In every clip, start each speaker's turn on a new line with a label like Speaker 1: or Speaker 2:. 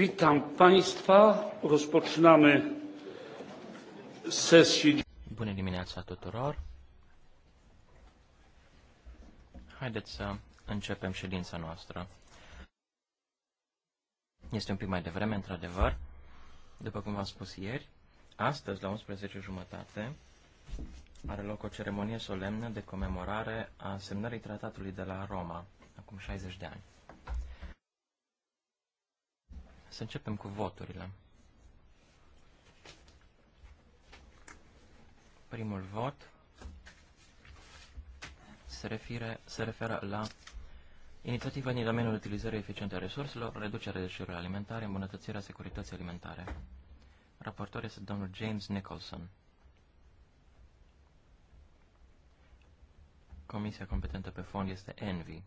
Speaker 1: Witam Państwa. Rozpoczynamy sesję. Bună dimineața tuturor. Haideți să începem ședința noastră. Este un pic mai devreme, într-adevăr. După cum v-am spus ieri, astăzi, la 11 jumătate, are loc o ceremonie solemnă de comemorare a semnării tratatului de la Roma, acum 60 de ani. Să începem cu voturile. Primul vot se, refire, se referă la inițiativa din domeniul utilizării eficiente a resurselor, reducerea deșeurilor alimentare, îmbunătățirea securității alimentare. Raportor este domnul James Nicholson. Comisia competentă pe fond este ENVI.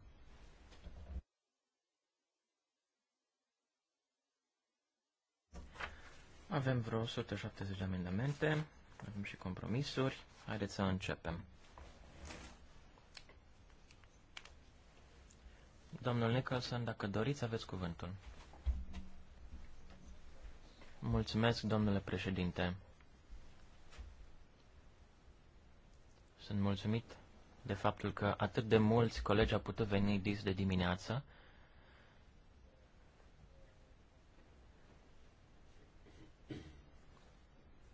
Speaker 1: Avem vreo 170 de amendamente, avem și compromisuri. Haideți să începem. Domnul Nicholson, dacă doriți, aveți cuvântul. Mulțumesc, domnule președinte. Sunt mulțumit de faptul că atât de mulți colegi au putut veni dis de dimineață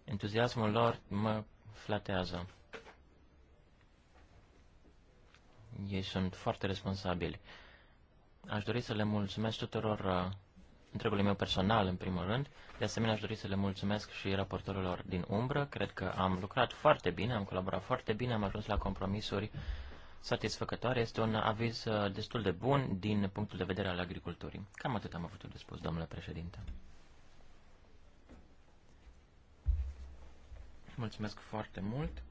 Speaker 1: Entuziasmul lor mă flatează. Ei sunt foarte responsabili. Aș dori să le mulțumesc tuturor uh, întregului meu personal, în primul rând. De asemenea, aș dori să le mulțumesc și raportorilor din umbră. Cred că am lucrat foarte bine, am colaborat foarte bine, am ajuns la compromisuri satisfăcătoare. Este un aviz uh, destul de bun din punctul de vedere al agriculturii. Cam atât am avut de spus, domnule președinte. Mulțumesc foarte mult.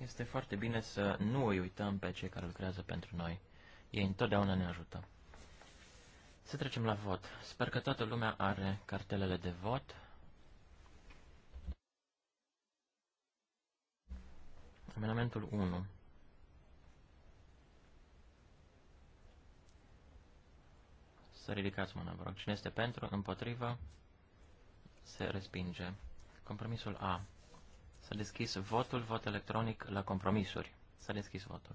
Speaker 1: Este foarte bine să nu îi uităm pe cei care lucrează pentru noi. Ei întotdeauna ne ajută. Să trecem la vot. Sper că toată lumea are cartelele de vot. Amendamentul 1. Să ridicați mâna, vă rog. Cine este pentru, împotrivă, se respinge. Compromisul A. S-a deschis votul, vot electronic la compromisuri. S-a deschis votul.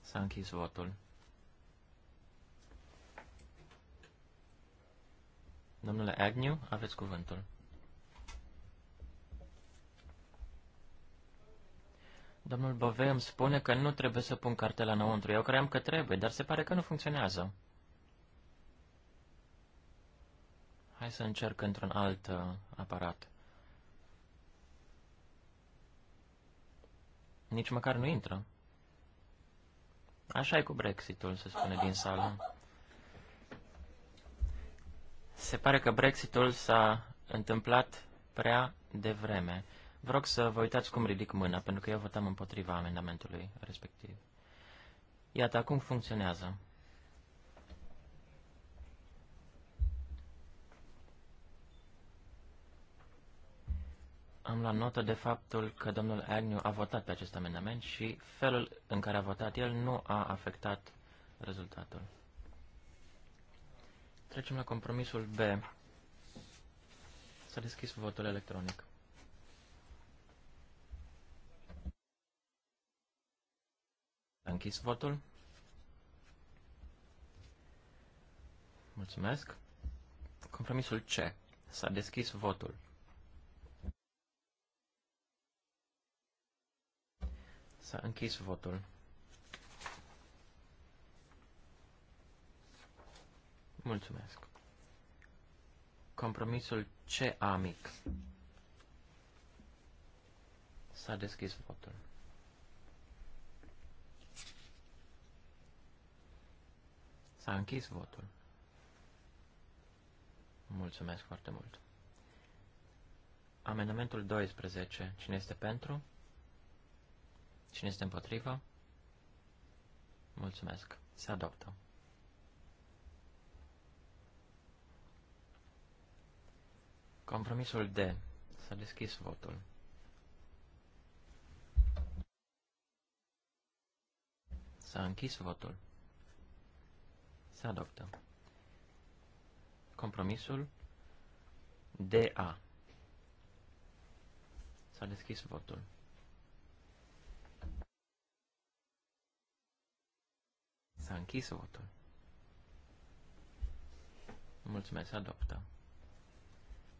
Speaker 1: S-a închis votul. Domnule Agnew, aveți cuvântul. Domnul Bove îmi spune că nu trebuie să pun cartela înăuntru. Eu cream că trebuie, dar se pare că nu funcționează. Hai să încerc într-un alt uh, aparat. Nici măcar nu intră. Așa e cu Brexitul, se spune din sală. Se pare că Brexitul s-a întâmplat prea devreme. Vă rog să vă uitați cum ridic mâna, pentru că eu votam împotriva amendamentului respectiv. Iată, acum funcționează. Am luat notă de faptul că domnul Agnew a votat pe acest amendament și felul în care a votat el nu a afectat rezultatul. Trecem la compromisul B. S-a deschis votul electronic. S-a închis votul. Mulțumesc. Compromisul C. S-a deschis votul. S-a închis votul. Mulțumesc. Compromisul ce amic. S-a deschis votul. S-a închis votul. Mulțumesc foarte mult. Amendamentul 12. Cine este pentru? Cine este împotrivă? Mulțumesc. Se adoptă. Compromisul D. S-a deschis votul. S-a închis votul. Se adoptă. Compromisul DA. S-a deschis votul. S-a închis votul. Mulțumesc, adoptă.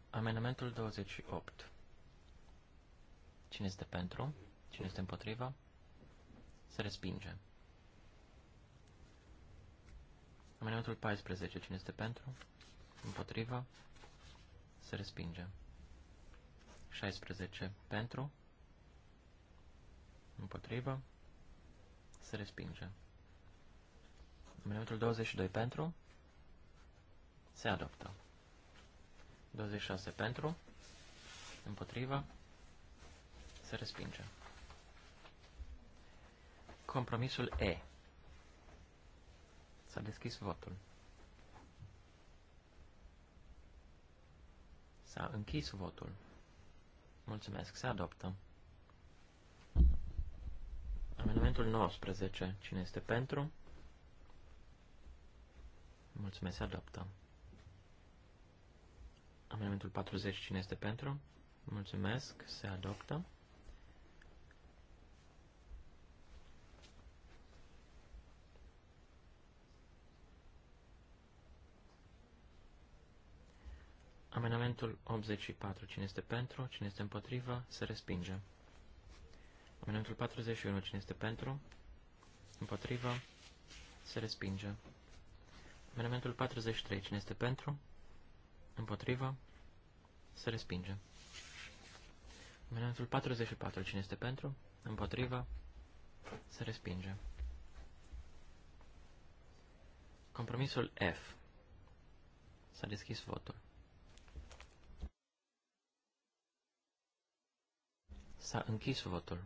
Speaker 1: Amendamentul 28. Cine este pentru? Cine este împotriva? Se respinge. Amendamentul 14. Cine este pentru? Împotriva? Se respinge. 16. Pentru? Împotriva? Se respinge. Amendamentul 22 pentru. Se adoptă. 26 pentru. Împotriva. Se respinge. Compromisul E. S-a deschis votul. S-a închis votul. Mulțumesc. Se adoptă. Amendamentul 19. Cine este pentru? Mulțumesc, se adoptă. Amendamentul 40, cine este pentru? Mulțumesc, se adoptă. Amendamentul 84. Cine este pentru, cine este împotriva, se respinge. Amendamentul 41. Cine este pentru, împotriva, se respinge. Amendamentul 43. Cine este pentru? Împotriva? Se respinge. Amendamentul 44. Cine este pentru? Împotriva? Se respinge. Compromisul F. S-a deschis votul. S-a închis votul.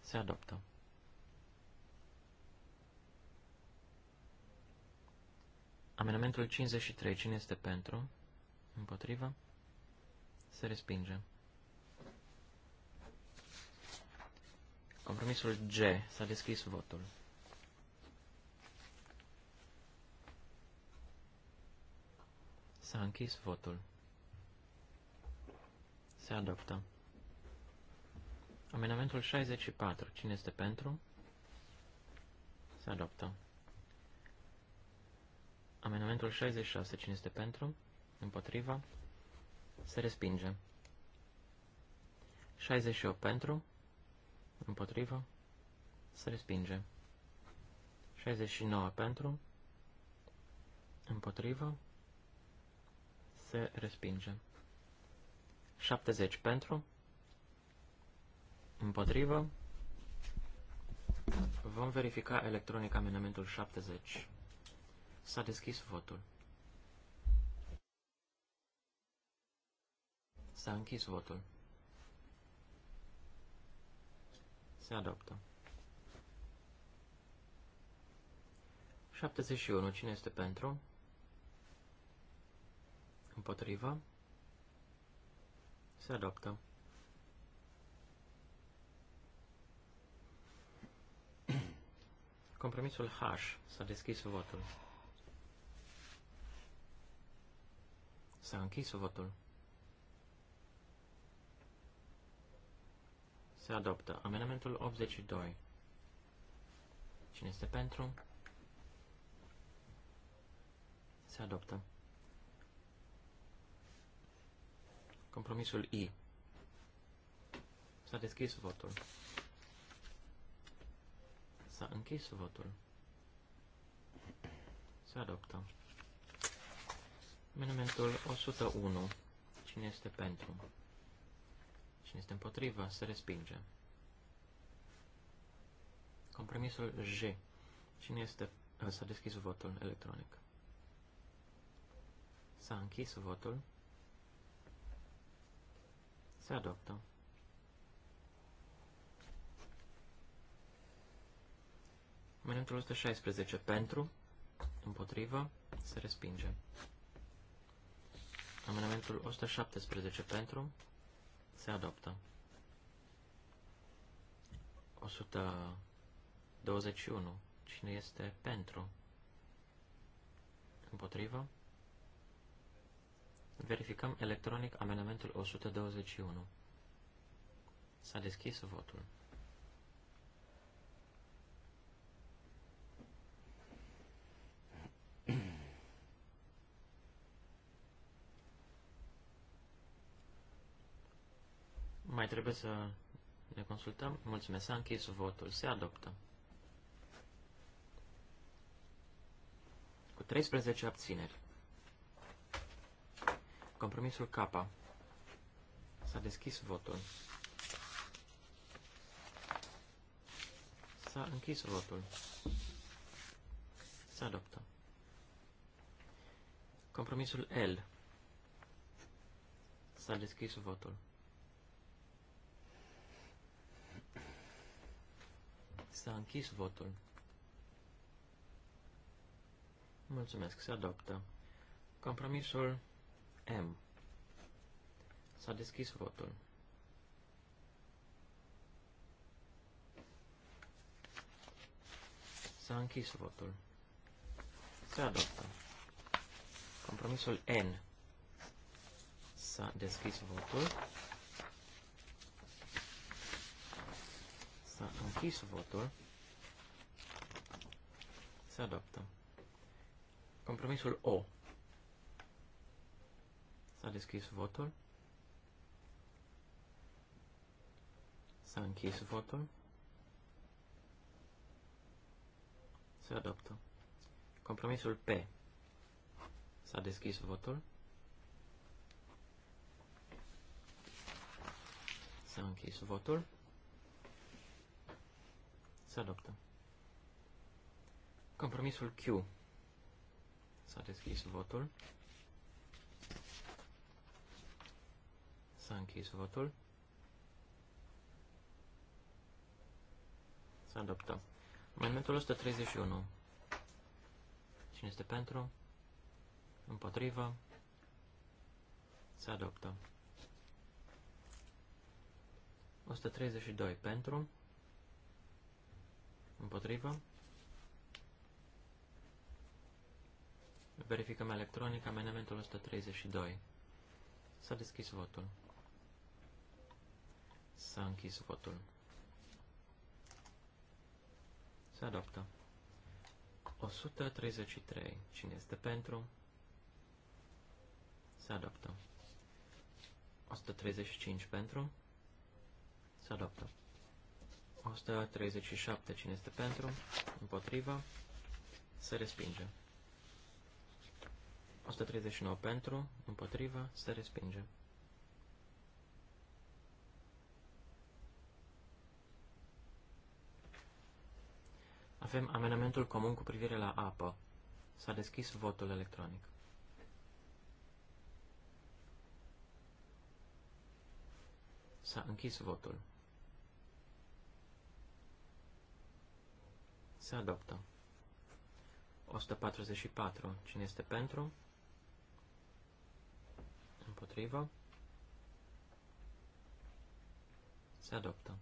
Speaker 1: Se adoptă. Amenamentul 53. Cine este pentru? Împotriva? Se respinge. Compromisul G. S-a deschis votul. S-a închis votul. Se adoptă. Amenamentul 64. Cine este pentru? Se adoptă. Amendamentul 66. Cine este pentru? Împotriva? Se respinge. 68 pentru? Împotriva? Se respinge. 69 pentru? Împotriva? Se respinge. 70 pentru? împotriva. Vom verifica electronic amendamentul 70. S-a deschis votul. S-a închis votul. Se adoptă. 71. Cine este pentru? Împotriva? Se adoptă. Compromisul H. S-a deschis votul. S-a închis votul. Se adoptă. Amendamentul 82. Cine este pentru? Se adoptă. Compromisul I. S-a deschis votul. S-a închis votul. Se adoptă. Amendamentul 101. Cine este pentru? Cine este împotriva? Se respinge. Compromisul J. Cine este... Uh, s-a deschis votul electronic. S-a închis votul. Se adoptă. Amendamentul 116. Pentru, împotriva, se respinge. Amendamentul 117 pentru se adoptă. 121. Cine este pentru? Împotrivă? Verificăm electronic amendamentul 121. S-a deschis votul. Mai trebuie să ne consultăm. Mulțumesc. S-a închis votul. Se adoptă. Cu 13 abțineri. Compromisul K. S-a deschis votul. S-a închis votul. Se adoptă. Compromisul L. S-a deschis votul. S-a închis votul. Mulțumesc, se adoptă. Compromisul M. S-a deschis votul. S-a închis votul. Se adoptă. Compromisul N. S-a deschis votul. S-a închis votul. Se adoptă. Compromisul O. S-a deschis votul. S-a închis votul. Se adoptă. Compromisul P. S-a deschis votul. S-a închis votul. Se adoptă. Compromisul Q. S-a deschis votul. S-a închis votul. Se adoptă. Amendmentul 131. Cine este pentru? Împotrivă? Se adoptă. 132 pentru, Împotrivă. Verificăm electronic amendamentul 132. S-a deschis votul. S-a închis votul. Se adoptă. 133. Cine este pentru? Se adoptă. 135 pentru? Se adoptă. 137. Cine este pentru? Împotriva. Se respinge. 139 pentru, împotriva, se respinge. Avem amenamentul comun cu privire la apă. S-a deschis votul electronic. S-a închis votul. se adoptă. 144. Cine este pentru? Împotrivă. Se adoptă.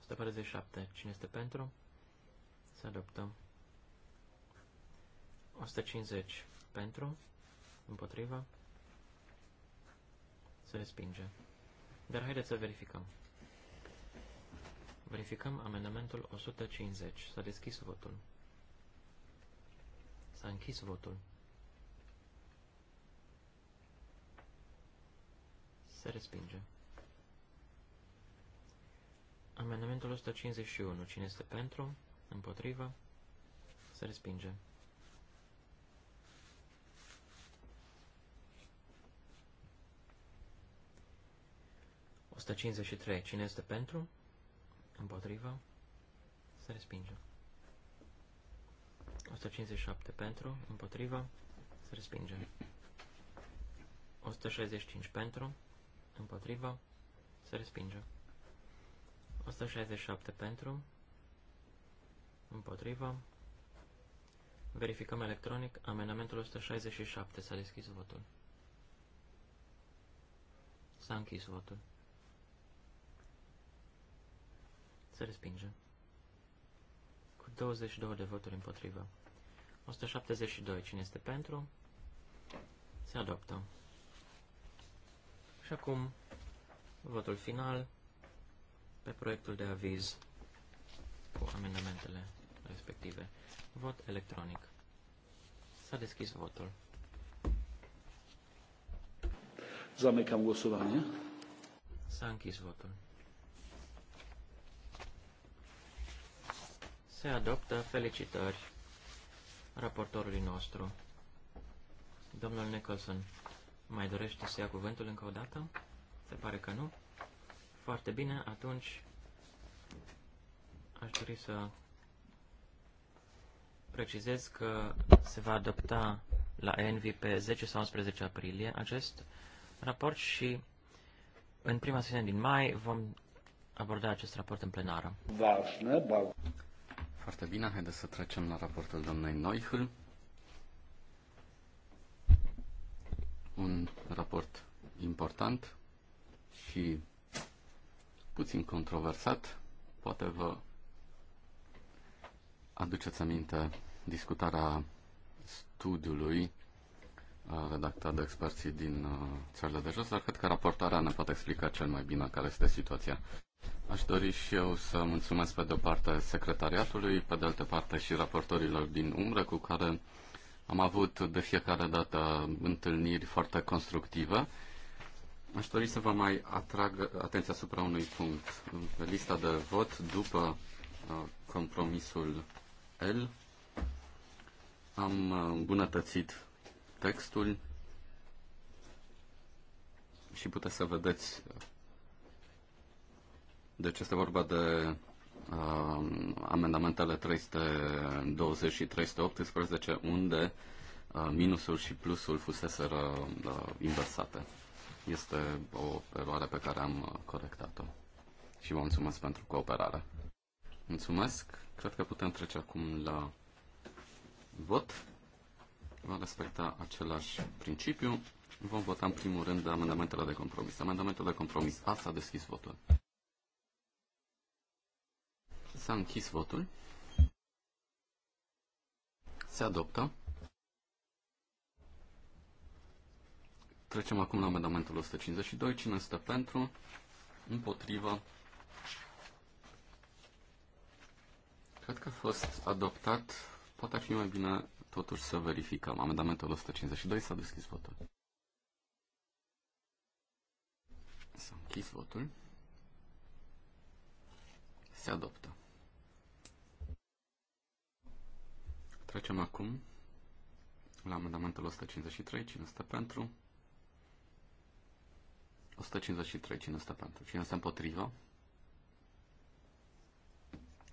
Speaker 1: 147. Cine este pentru? Se adoptă. 150. Pentru? Împotrivă? Se respinge. Dar haideți să verificăm. Verificăm amendamentul 150. S-a deschis votul. S-a închis votul. Se respinge. Amendamentul 151. Cine este pentru? Împotrivă? Se respinge. Cine este pentru? Împotrivă. Se respinge. 157 pentru. Împotrivă. Se respinge. 165 pentru. Împotrivă. Se respinge. 167 pentru. Împotrivă. Verificăm electronic. Amendamentul 167. S-a deschis votul. S-a închis votul. Se respinge. Cu 22 de voturi împotrivă. 172. Cine este pentru? Se adoptă. Și acum, votul final pe proiectul de aviz cu amendamentele respective. Vot electronic. S-a deschis votul. Zamykam głosowanie. S-a închis votul. Se adoptă felicitări raportorului nostru. Domnul Nicholson, mai dorește să ia cuvântul încă o dată? Se pare că nu. Foarte bine, atunci aș dori să precizez că se va adopta la ENVI pe 10 sau 11 aprilie acest raport și în prima sesiune din mai vom aborda acest raport în plenară.
Speaker 2: Vașne, foarte
Speaker 1: bine, haideți să trecem la raportul domnului Neuhl.
Speaker 2: Un raport important și puțin controversat. Poate vă aduceți aminte discutarea studiului uh, redactat de experții din uh, țările de jos, dar cred că raportarea ne poate explica cel mai bine care este situația. Aș dori și eu să mulțumesc pe de-o parte secretariatului, pe de altă parte și raportorilor din umbră cu care am avut de fiecare dată întâlniri foarte constructive. Aș dori să vă mai atrag atenția asupra unui punct. Pe lista de vot, după uh, compromisul L, am uh, îmbunătățit textul și puteți să vedeți uh, deci este vorba de uh, amendamentele 320 și 318, unde uh, minusul și plusul fuseseră uh, inversate. Este o eroare pe care am uh, corectat-o. Și vă mulțumesc pentru cooperare. Mulțumesc. Cred că putem trece acum la vot. Vom respecta același principiu. Vom vota în primul rând amendamentele de compromis. Amendamentele de compromis. Asta a deschis votul. S-a închis votul. Se adoptă. Trecem acum la amendamentul 152. Cine este pentru? Împotriva? Cred că a fost adoptat. Poate ar fi mai bine totuși să verificăm. Amendamentul 152 s-a deschis votul. S-a închis votul. Se adoptă. Trecem acum la amendamentul 153. Cine stă pentru? 153. Cine stă pentru? Cine stă împotrivă?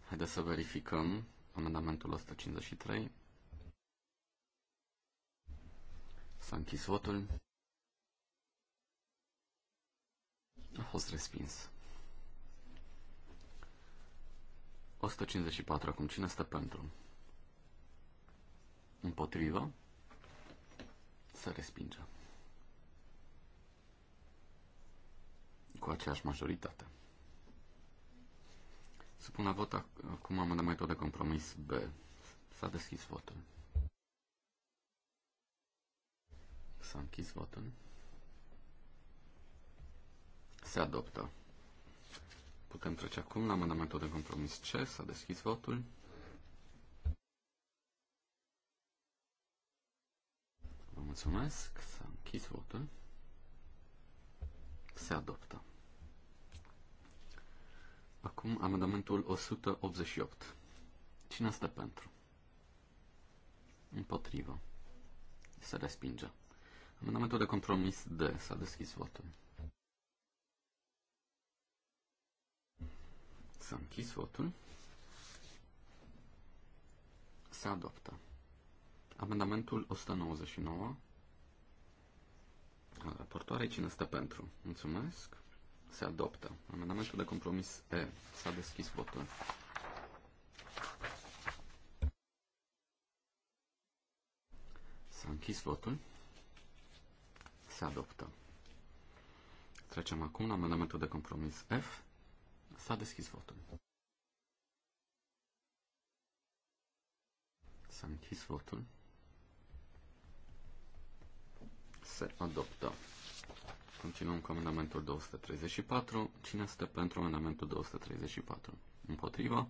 Speaker 2: Haideți să verificăm amendamentul 153. S-a închis votul. A fost respins. 154. Acum cine stă pentru? împotrivă, se respinge. Cu aceeași majoritate. Supun la vot acum amendamentul de compromis B. S-a deschis votul. S-a închis votul. Se adoptă. Putem trece acum la amendamentul de compromis C. S-a deschis votul. Mulțumesc. S-a închis votul. Se adoptă. Acum amendamentul 188. Cine este pentru? Împotrivă. Se respinge. Amendamentul de compromis D. S-a deschis votul. S-a închis votul. Se adoptă. Amendamentul 199 Raportoare, Cine stă pentru? Mulțumesc. Se adoptă. Amendamentul de compromis E. S-a deschis votul. S-a închis votul. Se adoptă. Trecem acum la amendamentul de compromis F. S-a deschis votul. S-a închis votul. se adoptă. Continuăm cu amendamentul 234. Cine este pentru amendamentul 234? Împotriva?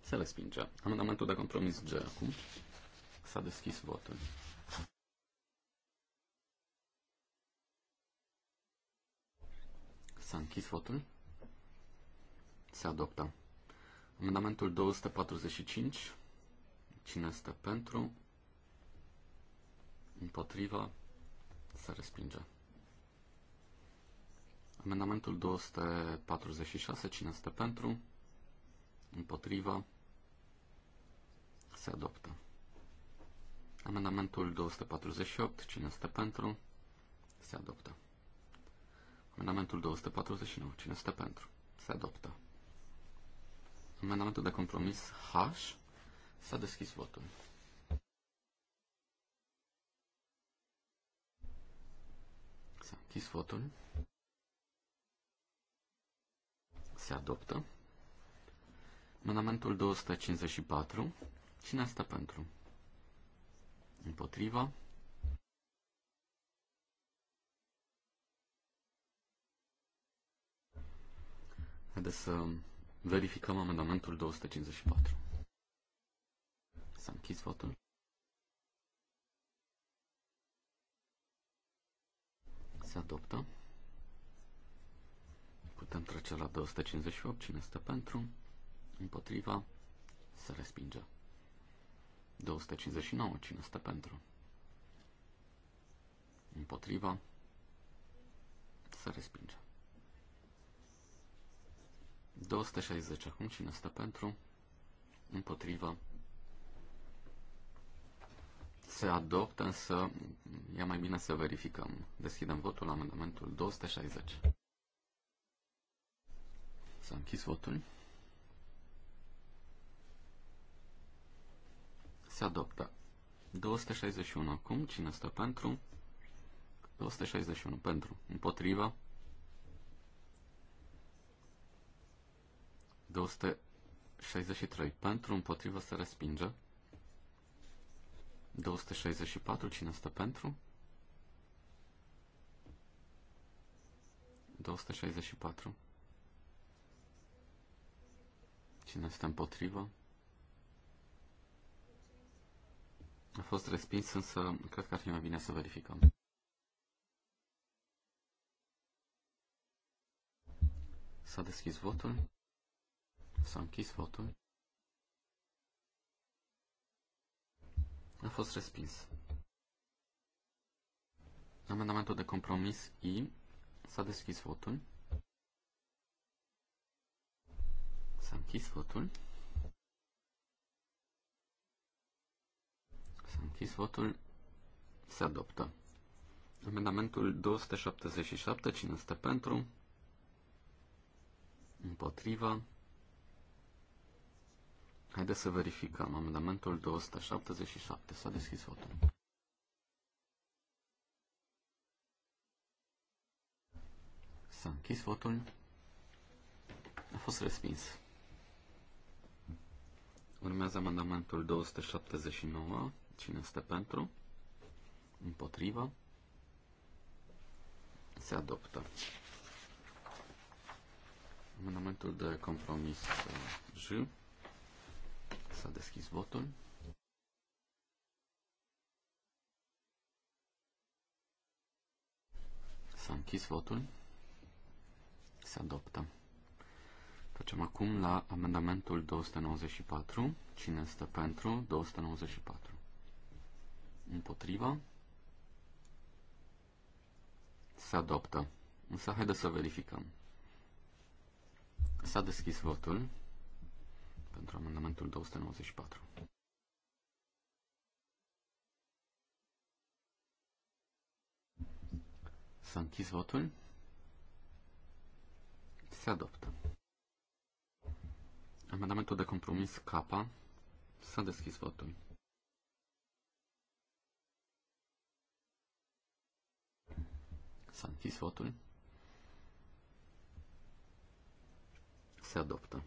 Speaker 2: Se respinge. Amendamentul de compromis G acum. S-a deschis votul. S-a închis votul. Se adoptă. Amendamentul 245. Cine este pentru? împotriva, se respinge. Amendamentul 246, cine este pentru, împotriva, se adoptă. Amendamentul 248, cine este pentru, se adoptă. Amendamentul 249, cine este pentru, se adoptă. Amendamentul de compromis H, s-a deschis votul. ați închis votul. Se adoptă. Amendamentul 254. Cine asta pentru? Împotriva. Haideți să verificăm amendamentul 254. S-a închis votul. se adoptă. Putem trece la 258. Cine este pentru? Împotriva? Se respinge. 259. Cine este pentru? Împotriva? Se respinge. 260. Acum cine este pentru? Împotriva? se se adoptă, însă e mai bine să verificăm. Deschidem votul la amendamentul 260. S-a închis votul. Se adoptă. 261 acum. Cine stă pentru? 261 pentru. Împotriva? 263 pentru. Împotriva se respinge. 264, cine stă pentru? 264. Cine stă împotrivă? A fost respins, însă cred că ar fi mai bine să verificăm. S-a deschis votul. S-a închis votul. A fost respins. Amendamentul de compromis I. S-a deschis votul. S-a închis votul. S-a închis votul. Se adoptă. Amendamentul 277. Cine este pentru? Împotriva. Haideți să verificăm. Amendamentul 277 s-a deschis votul. S-a închis votul. A fost respins. Urmează amendamentul 279. Cine este pentru? Împotriva? Se adoptă. Amendamentul de compromis uh, J. S-a deschis votul. S-a închis votul. Se adoptă. Trecem acum la amendamentul 294. Cine este pentru 294? Împotriva? Se adoptă. Însă haideți să verificăm. S-a deschis votul pentru amendamentul 294. S-a închis votul. Se adoptă. Amendamentul de compromis K. S-a deschis votul. S-a închis votul. Se adoptă.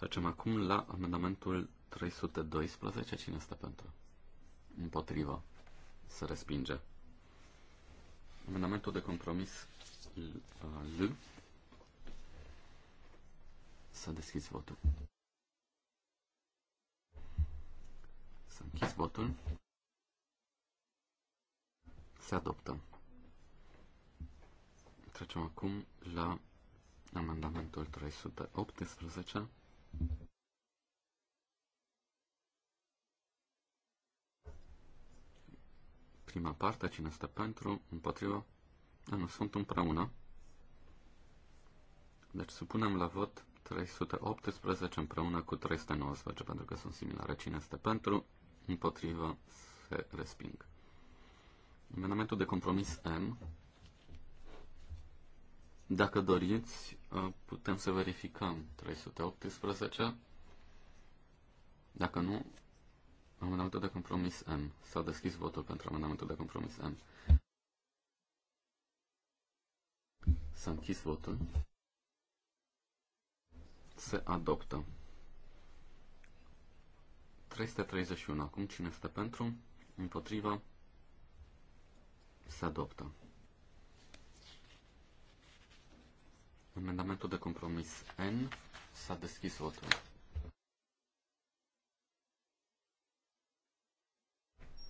Speaker 2: Trecem acum la amendamentul 312. Cine este pentru? Împotrivă. Se respinge. Amendamentul de compromis L. Uh, Să deschizi votul. Să închizi votul. Se adoptă. Trecem acum la amendamentul 318. Prima parte, cine este pentru, împotriva, a, nu, sunt împreună. Deci supunem la vot 318 împreună cu 319, pentru că sunt similare. Cine este pentru, împotriva, se resping. Amendamentul de compromis M dacă doriți, uh, putem să verificăm 318. Dacă nu, amendamentul de compromis N. S-a deschis votul pentru amendamentul de compromis N. S-a închis votul. Se adoptă. 331. Acum cine este pentru? Împotriva? Se adoptă. Amendamentul de compromis N. S-a deschis votul.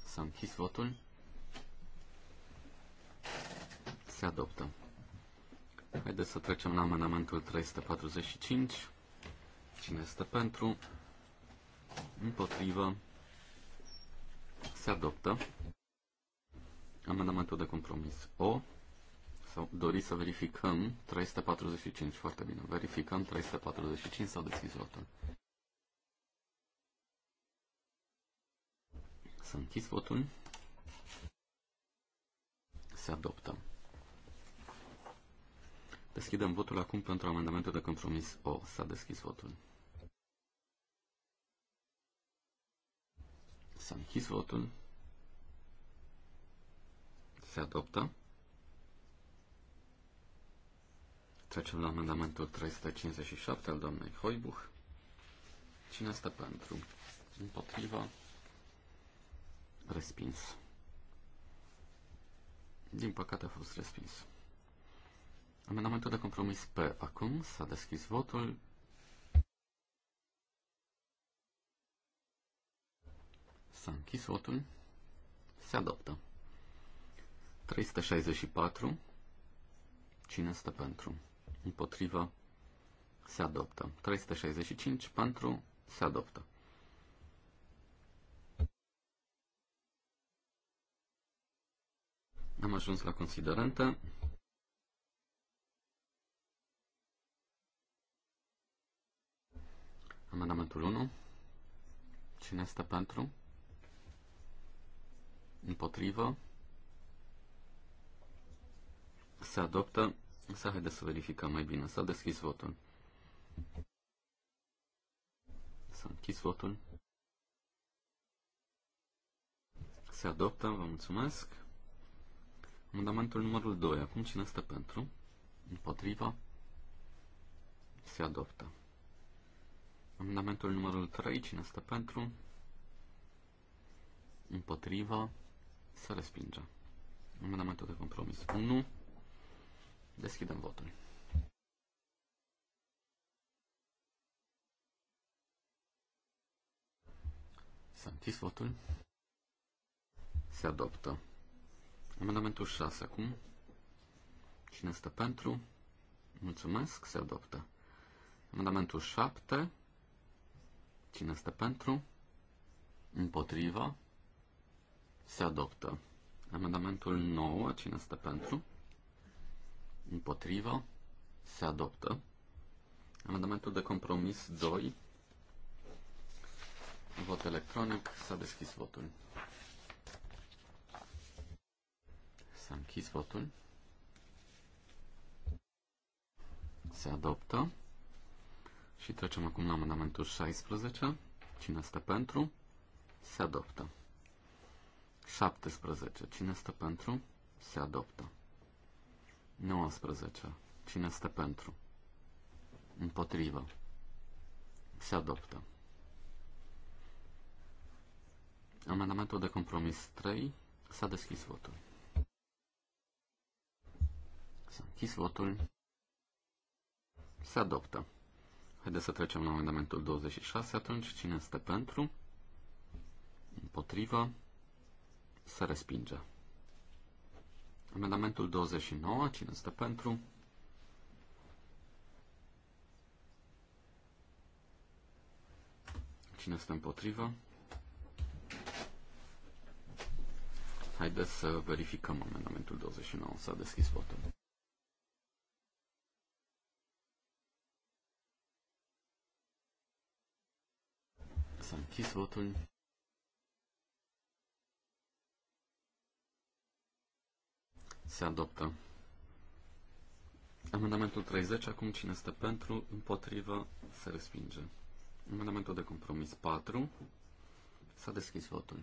Speaker 2: S-a închis votul. Se adoptă. Haideți să trecem la amendamentul 345. Cine este pentru? Împotrivă. Se adoptă. Amendamentul de compromis O sau doriți să verificăm 345, foarte bine. Verificăm 345 sau deschis votul. Să închis votul. Se adoptă. Deschidem votul acum pentru amendamentul de compromis O. S-a deschis votul. S-a închis votul. Se adoptă. Trecem la amendamentul 357 al doamnei Hoibuch. Cine este pentru? Împotriva? Respins. Din păcate a fost respins. Amendamentul de compromis pe Acum s-a deschis votul. S-a închis votul. Se adoptă. 364. Cine este pentru? împotrivă, se adoptă. 365 pentru, se adoptă. Am ajuns la considerente. Amendamentul 1. Cine este pentru? Împotrivă. Se adoptă să haideți să verificăm mai bine. S-a deschis votul. S-a închis votul. Se adoptă, vă mulțumesc. Amendamentul numărul 2. Acum cine stă pentru? Împotriva? Se adoptă. Amendamentul numărul 3. Cine stă pentru? Împotriva? Se respinge. Amendamentul de compromis 1. Deschidem votul. S-a închis votul. Se adoptă. Amendamentul 6 acum. Cine stă pentru? Mulțumesc, se adoptă. Amendamentul 7. Cine stă pentru? Împotriva? Se adoptă. Amendamentul 9. Cine stă pentru? împotriva, se adoptă. Amendamentul de compromis 2, vot electronic, s-a deschis votul. S-a închis votul. Se adoptă. Și trecem acum la amendamentul 16. Cine stă pentru? Se adoptă. 17. Cine stă pentru? Se adoptă. 19. Cine este pentru? Împotrivă. Se adoptă. Amendamentul de compromis 3. S-a deschis votul. S-a închis votul. Se adoptă. Haideți să trecem la amendamentul 26. Atunci, cine este pentru? Împotrivă. Se respinge. Amendamentul 29, cine este pentru? Cine este împotrivă? Haideți să verificăm amendamentul 29. S-a deschis votul. S-a închis votul. Se adoptă. Amendamentul 30, acum cine este pentru, împotrivă, se respinge. Amendamentul de compromis 4, s-a deschis votul.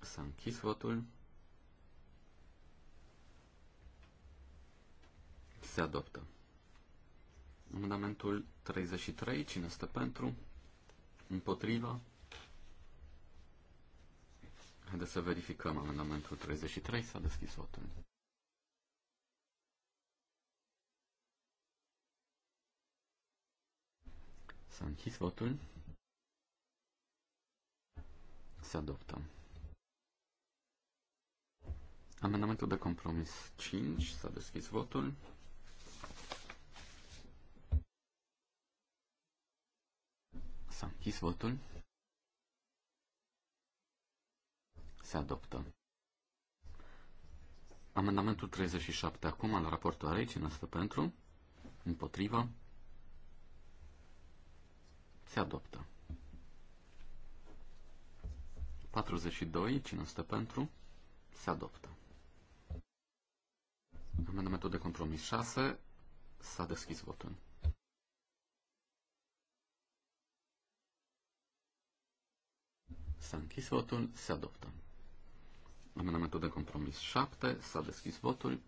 Speaker 2: S-a închis votul. Se adoptă. Amendamentul 33, cine este pentru, împotrivă, Haideți să verificăm amendamentul 33. S-a deschis votul. S-a închis votul. Se adoptă. Amendamentul de compromis 5. S-a deschis votul. S-a închis votul. Se adoptă. Amendamentul 37. Acum al raportoarei. Cine asta pentru? împotriva. Se adoptă. 42. Cine stă pentru? Se adoptă. Amendamentul de compromis 6. S-a deschis votul. S-a închis votul. Se adoptă. Amendamentul de compromis 7. S-a deschis votul.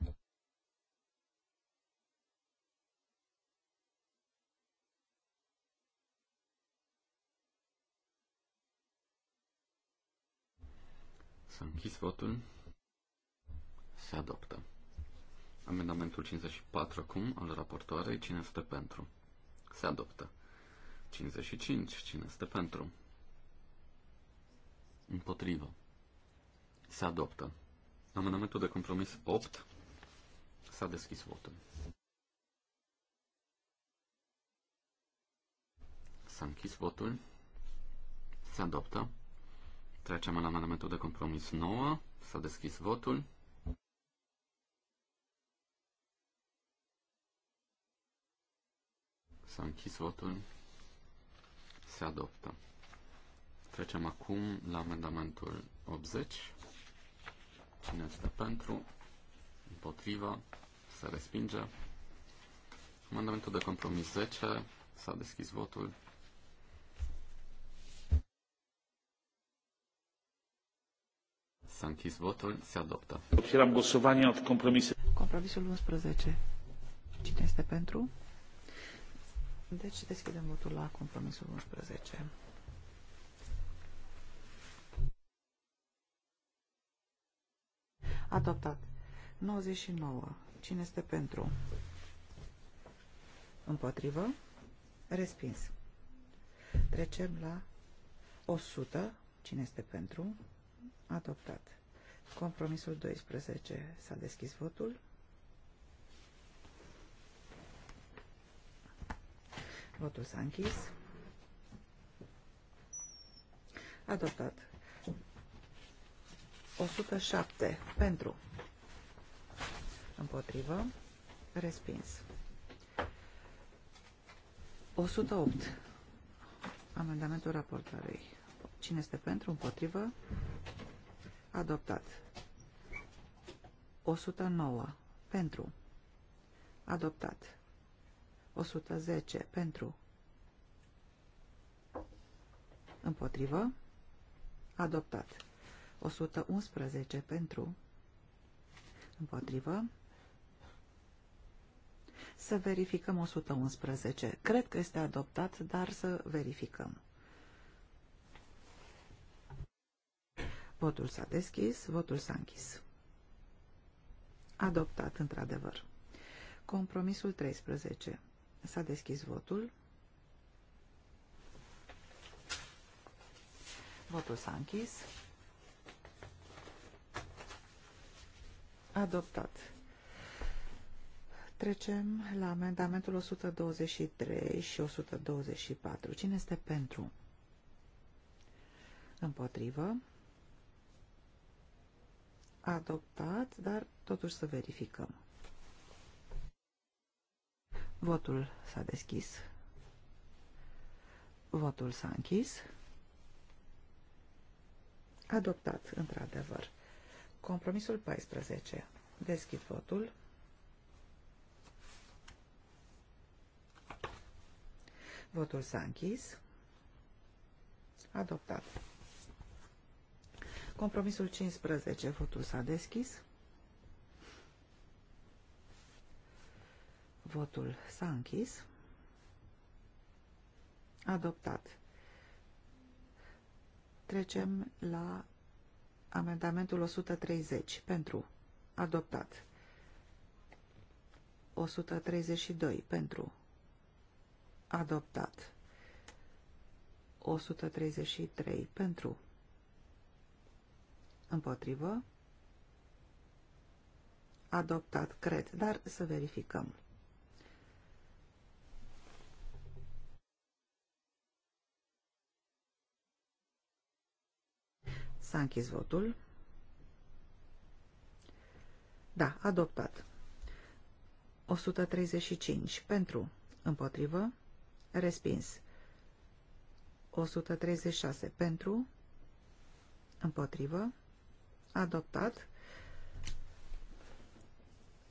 Speaker 2: S-a închis votul. Se adoptă. Amendamentul 54 acum al raportoarei. Cine este pentru? Se adoptă. 55. Cine este pentru? Împotrivă. Se adoptă. Amendamentul de compromis 8. S-a deschis votul. S-a închis votul. Se adoptă. Trecem la amendamentul de compromis 9. S-a deschis votul. S-a închis votul. Se adoptă. Trecem acum la amendamentul 80. Cine este pentru? Împotriva? Se respinge. Amendamentul de compromis 10. S-a deschis votul. S-a închis votul. Se adoptă. Otwieram głosowanie nad kompromisem.
Speaker 3: Compromisul 11. Cine este pentru? Deci deschidem votul la compromisul 11. Adoptat. 99. Cine este pentru? Împotrivă. Respins. Trecem la 100. Cine este pentru? Adoptat. Compromisul 12. S-a deschis votul. Votul s-a închis. Adoptat. 107 pentru împotrivă respins 108 amendamentul raportarei cine este pentru împotrivă adoptat 109 pentru adoptat 110 pentru împotrivă adoptat 111 pentru, împotrivă. Să verificăm 111. Cred că este adoptat, dar să verificăm. Votul s-a deschis, votul s-a închis. Adoptat, într-adevăr. Compromisul 13. S-a deschis votul. Votul s-a închis. Adoptat. Trecem la amendamentul 123 și 124. Cine este pentru? Împotrivă. Adoptat, dar totuși să verificăm. Votul s-a deschis. Votul s-a închis. Adoptat, într-adevăr. Compromisul 14. Deschid votul. Votul s-a închis. Adoptat. Compromisul 15. Votul s-a deschis. Votul s-a închis. Adoptat. Trecem la Amendamentul 130 pentru adoptat. 132 pentru adoptat. 133 pentru împotrivă adoptat, cred, dar să verificăm. S-a închis votul. Da, adoptat. 135 pentru, împotrivă, respins. 136 pentru, împotrivă, adoptat.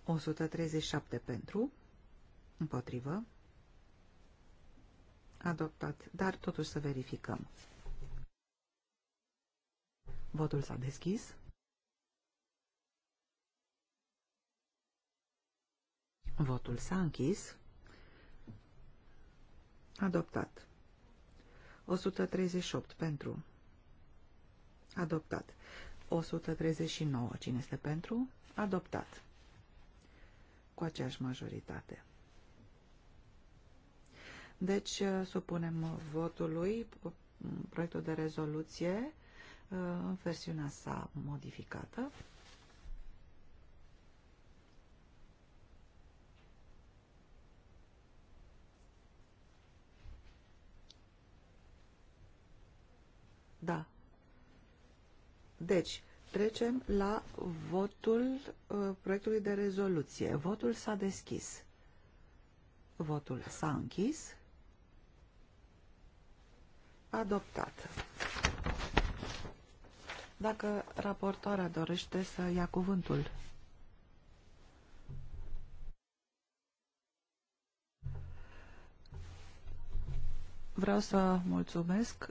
Speaker 3: 137 pentru, împotrivă, adoptat, dar totuși să verificăm. Votul s-a deschis. Votul s-a închis. Adoptat. 138 pentru. Adoptat. 139. Cine este pentru? Adoptat. Cu aceeași majoritate. Deci, supunem votului proiectul de rezoluție în uh, versiunea sa modificată. Da. Deci, trecem la votul uh, proiectului de rezoluție. Votul s-a deschis. Votul s-a închis. Adoptat. Dacă raportoarea dorește să ia cuvântul. Vreau să mulțumesc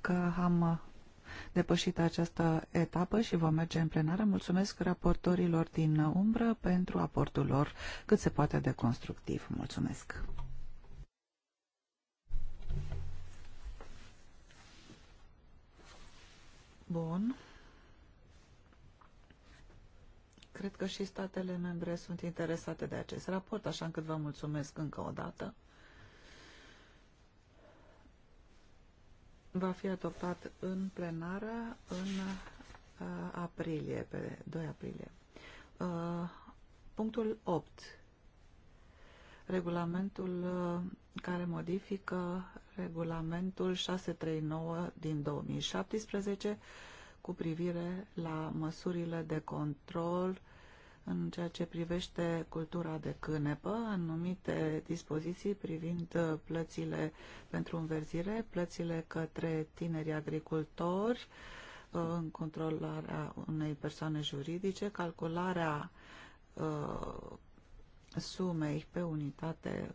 Speaker 3: că am depășit această etapă și vom merge în plenară. Mulțumesc raportorilor din umbră pentru aportul lor cât se poate de constructiv. Mulțumesc! Bun. Cred că și statele membre sunt interesate de acest raport, așa încât vă mulțumesc încă o dată. Va fi adoptat în plenară în uh, aprilie, pe 2 aprilie. Uh, punctul 8 regulamentul uh, care modifică regulamentul 639 din 2017 cu privire la măsurile de control în ceea ce privește cultura de cânepă, anumite dispoziții privind uh, plățile pentru înverzire, plățile către tineri agricultori, uh, în controlarea unei persoane juridice, calcularea sumei pe unitate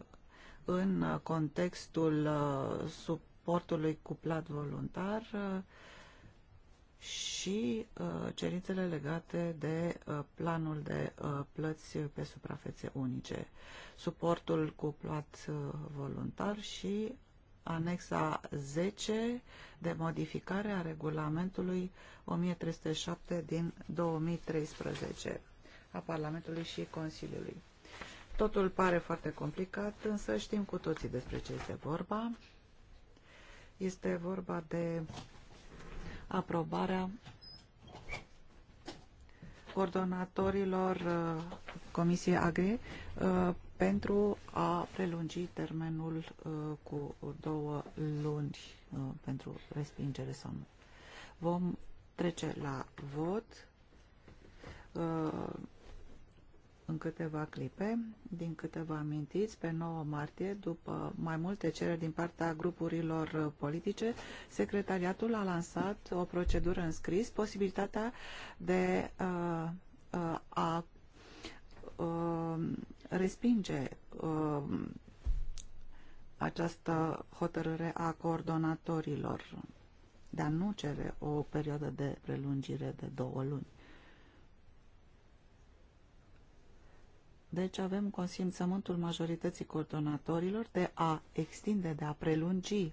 Speaker 3: în contextul uh, suportului cuplat voluntar uh, și uh, cerințele legate de planul de plăți pe suprafețe unice, suportul cuplat voluntar și anexa 10 de modificare a regulamentului 1307 din 2013 a Parlamentului și Consiliului. Totul pare foarte complicat, însă știm cu toții despre ce este vorba. Este vorba de aprobarea coordonatorilor uh, Comisiei Agri uh, pentru a prelungi termenul uh, cu două luni pentru respingere sau nu. Vom trece la vot în câteva clipe. Din câte vă amintiți, pe 9 martie, după mai multe cereri din partea grupurilor politice, secretariatul a lansat o procedură în scris, posibilitatea de uh, uh, a uh, respinge uh, această hotărâre a coordonatorilor de a nu cere o perioadă de prelungire de două luni. Deci avem consimțământul majorității coordonatorilor de a extinde, de a prelungi.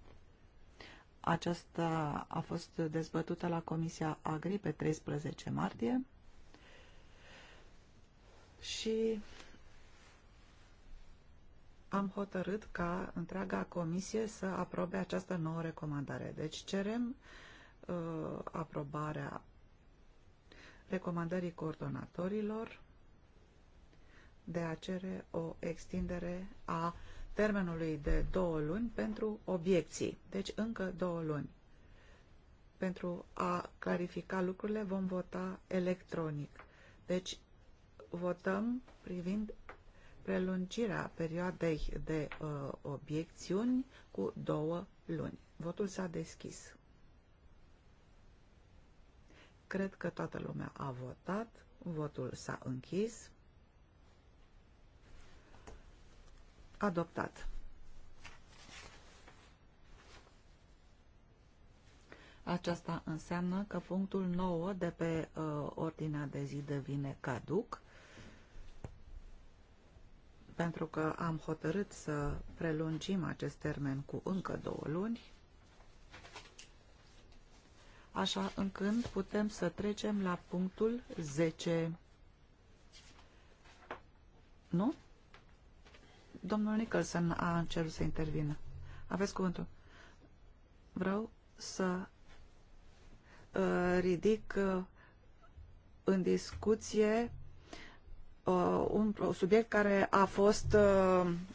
Speaker 3: Aceasta a fost dezbătută la Comisia Agri pe 13 martie și am hotărât ca întreaga comisie să aprobe această nouă recomandare. Deci cerem uh, aprobarea recomandării coordonatorilor de a cere o extindere a termenului de două luni pentru obiecții. Deci încă două luni. Pentru a clarifica lucrurile vom vota electronic. Deci votăm privind prelungirea perioadei de uh, obiecțiuni cu două luni. Votul s-a deschis. Cred că toată lumea a votat. Votul s-a închis. Adoptat. Aceasta înseamnă că punctul 9 de pe uh, ordinea de zi devine caduc, pentru că am hotărât să prelungim acest termen cu încă două luni, așa încât putem să trecem la punctul 10. Nu? Domnul Nicholson a încercat să intervină. Aveți cuvântul. Vreau să uh, ridic uh, în discuție uh, un subiect care a fost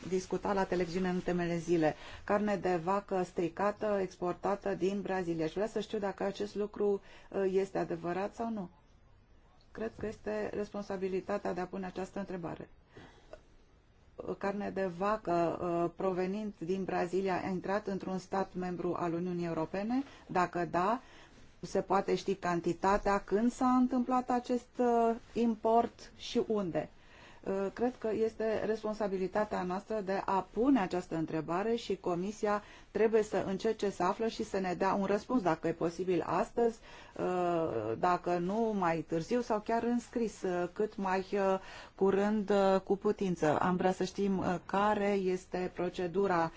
Speaker 3: discutat la televiziune în temele zile. Carne de vacă stricată, exportată din Brazilia. Și vreau să știu dacă acest lucru este adevărat sau nu. Cred că este responsabilitatea de a pune această întrebare carne de vacă uh, provenind din Brazilia a intrat într-un stat membru al Uniunii Europene? Dacă da, se poate ști cantitatea, când s-a întâmplat acest uh, import și unde? Uh, cred că este responsabilitatea noastră de a pune această întrebare și Comisia trebuie să încerce să află și să ne dea un răspuns, dacă e posibil astăzi, uh, dacă nu mai târziu sau chiar înscris, uh, cât mai curând cu putință. Am vrea să știm care este procedura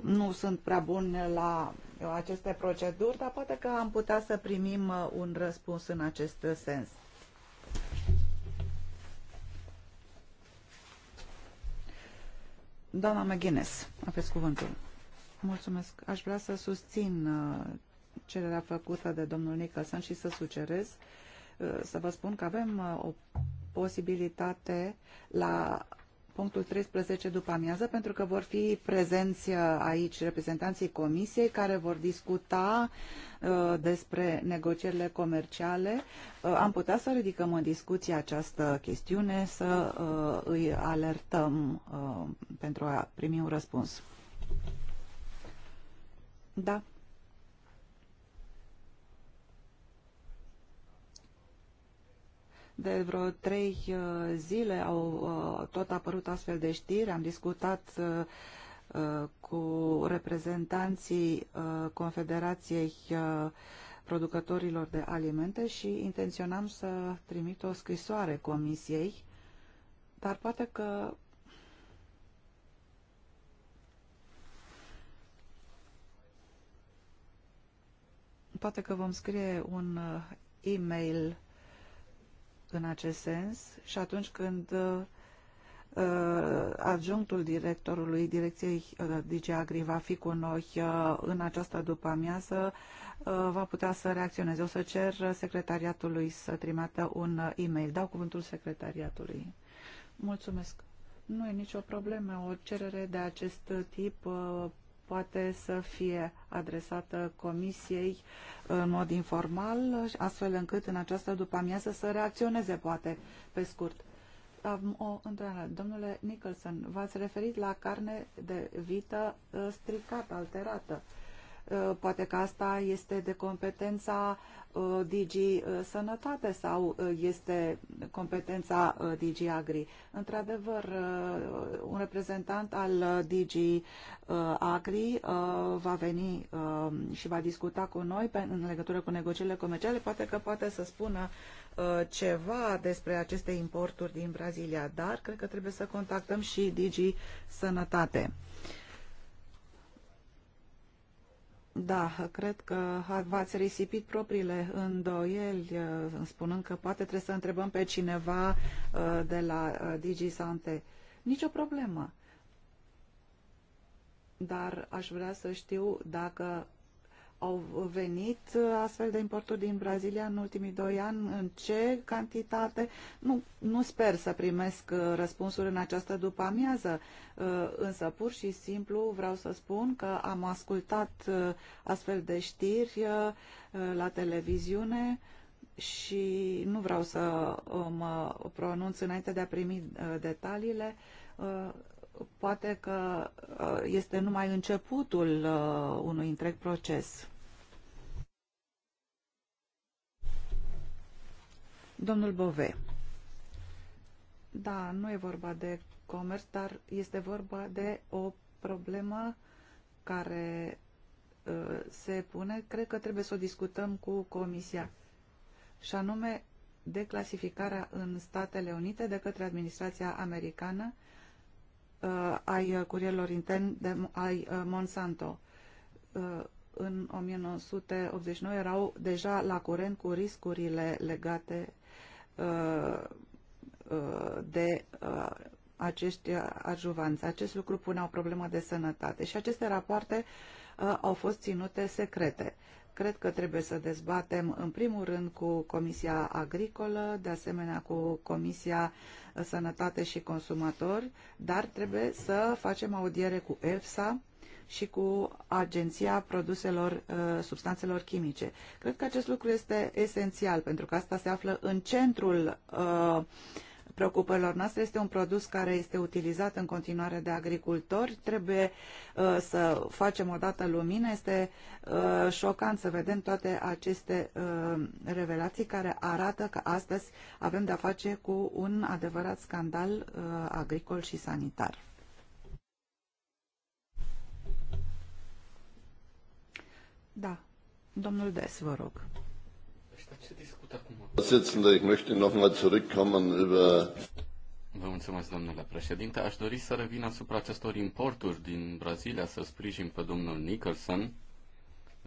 Speaker 3: nu sunt prea bun la aceste proceduri, dar poate că am putea să primim un răspuns în acest sens. Doamna McGuinness, aveți cuvântul. Mulțumesc. Aș vrea să susțin uh, cererea făcută de domnul Nicholson și să sugerez uh, să vă spun că avem uh, o posibilitate la punctul 13 după amiază, pentru că vor fi prezenți uh, aici reprezentanții Comisiei care vor discuta uh, despre negocierile comerciale. Uh, am putea să ridicăm în discuție această chestiune, să îi alertăm pentru a primi un răspuns. Da, De vreo trei uh, zile au uh, tot apărut astfel de știri. Am discutat uh, cu reprezentanții Confederației producătorilor de alimente și intenționam să trimit o scrisoare comisiei, dar poate că poate că vom scrie un e-mail în acest sens și atunci când uh, adjunctul directorului direcției uh, DGAGRI Agri va fi cu noi uh, în această după-amiază, va putea să reacționeze. O să cer secretariatului să trimită un e-mail. Dau cuvântul secretariatului. Mulțumesc. Nu e nicio problemă. O cerere de acest tip poate să fie adresată comisiei în mod informal, astfel încât în această după-amiază să reacționeze, poate, pe scurt. Am o întrebare. Domnule Nicholson, v-ați referit la carne de vită uh, stricată, alterată. Uh, Uh, poate că asta este de competența uh, Digi uh, Sănătate sau este competența Digi Agri. Într-adevăr, un reprezentant al Digi Agri va veni și va discuta cu noi în legătură cu negocierile comerciale. Poate că poate să spună ceva despre aceste importuri din Brazilia, dar cred că trebuie să contactăm și Digi Sănătate. Uh, da, cred că v-ați risipit propriile îndoieli, eh, spunând că poate trebuie să întrebăm pe cineva eh, de la eh, Digisante. Nici o problemă. Dar aș vrea să știu dacă au venit astfel de importuri din Brazilia în ultimii doi ani, în ce cantitate. Nu, nu sper să primesc uh, răspunsuri în această după-amiază, uh, însă pur și simplu vreau să spun că am ascultat uh, astfel de știri la televiziune și nu vreau să mă pronunț înainte de a primi detaliile poate că uh, este numai începutul uh, unui întreg proces. Domnul Bove. Da, nu e vorba de comerț, dar este vorba de o problemă care uh, se pune, cred că trebuie să o discutăm cu Comisia, și anume declasificarea în Statele Unite de către administrația americană Uh, ai uh, curierilor interni de, ai uh, Monsanto. În 1989 erau deja la curent cu riscurile legate de acești ajuvanți. Acest lucru punea o problemă de sănătate și aceste rapoarte au fost ținute secrete. Cred că trebuie să dezbatem în primul rând cu Comisia Agricolă, de asemenea cu Comisia Sănătate și Consumatori, dar trebuie să facem audiere cu EFSA și cu Agenția Produselor uh, Substanțelor Chimice. Cred că acest lucru este esențial pentru că asta se află în centrul uh, preocupărilor noastre. Este un produs care este utilizat în continuare de agricultori. Trebuie uh, să facem o dată lumină. Este uh, șocant să vedem toate aceste uh, revelații care arată că astăzi avem de-a face cu un adevărat scandal agricol și sanitar. Da. Domnul Des, vă rog.
Speaker 2: Ce Vă mulțumesc, domnule președinte. Aș dori să revin asupra acestor importuri din Brazilia, să sprijin pe domnul Nicholson,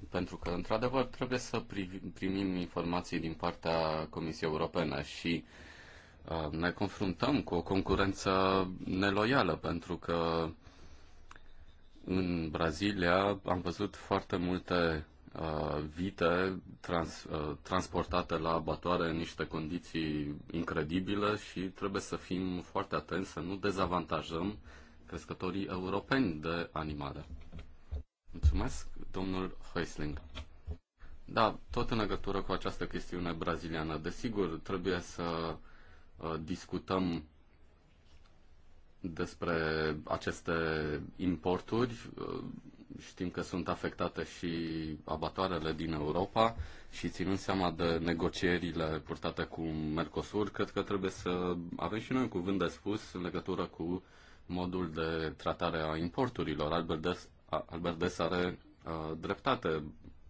Speaker 2: pentru că, într-adevăr, trebuie să primim informații din partea Comisiei Europene și uh, ne confruntăm cu o concurență neloială, pentru că în Brazilia am văzut foarte multe Uh, vite trans, uh, transportate la abatoare în niște condiții incredibile și trebuie să fim foarte atenți să nu dezavantajăm crescătorii europeni de animale. Mulțumesc, domnul Heusling. Da, tot în legătură cu această chestiune braziliană. Desigur, trebuie să uh, discutăm despre aceste importuri Știm că sunt afectate și abatoarele din Europa și ținând seama de negocierile purtate cu Mercosur, cred că trebuie să avem și noi un cuvânt de spus în legătură cu modul de tratare a importurilor. Albert Des, Albert Des are uh, dreptate.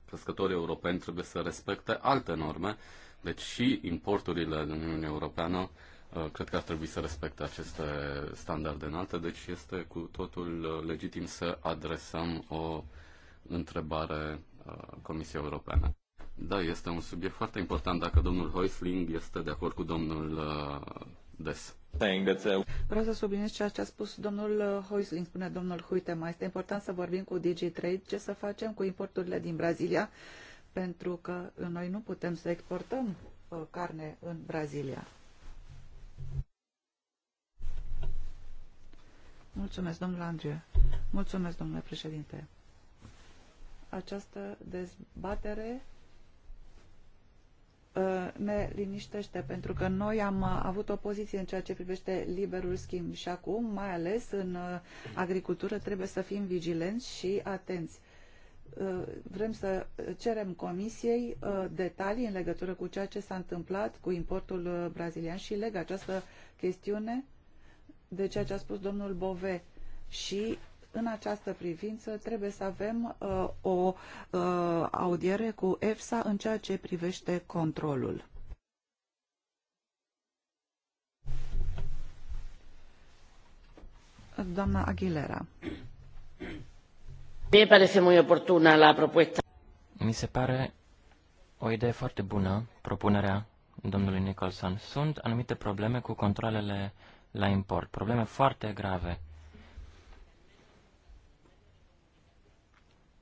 Speaker 2: Crescătorii europeni trebuie să respecte alte norme, deci și importurile în Uniunea Europeană uh, Uh, cred că ar trebui să respecte aceste standarde înalte, deci este cu totul uh, legitim să adresăm o întrebare uh, Comisiei Europene. Da, este un subiect foarte important dacă domnul Heusling este de acord cu domnul Des.
Speaker 3: Vreau să subliniez ceea ce a spus domnul Heusling, spune domnul Huitema. Este important să vorbim cu Trade ce să facem cu importurile din Brazilia, pentru că noi nu putem să exportăm carne în Brazilia. Mulțumesc, domnule Andrie. Mulțumesc, domnule președinte. Această dezbatere uh, ne liniștește pentru că noi am uh, avut o poziție în ceea ce privește liberul schimb și acum, mai ales în uh, agricultură, trebuie să fim vigilenți și atenți Uh, vrem să cerem comisiei uh, detalii în legătură cu ceea ce s-a întâmplat cu importul uh, brazilian și leg această chestiune de ceea ce a spus domnul Bove și în această privință trebuie să avem uh, o uh, audiere cu EFSA în ceea ce privește controlul. Doamna Aguilera parece muy oportuna la propuesta.
Speaker 1: Mi se pare o idee foarte bună propunerea domnului Nicholson. Sunt anumite probleme cu controlele la import, probleme foarte grave.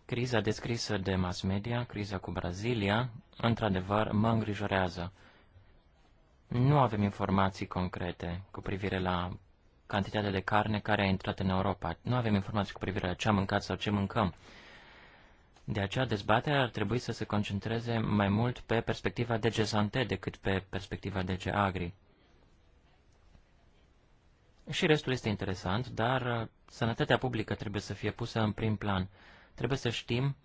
Speaker 1: Criza descrisă de mass media, criza cu Brazilia, într-adevăr mă îngrijorează. Nu avem informații concrete cu privire la cantitatea de carne care a intrat în Europa. Nu avem informații cu privire la ce am mâncat sau ce mâncăm. De aceea, dezbaterea ar trebui să se concentreze mai mult pe perspectiva DG Sante decât pe perspectiva DG Agri. Și restul este interesant, dar uh, sănătatea publică trebuie să fie pusă în prim plan. Trebuie să știm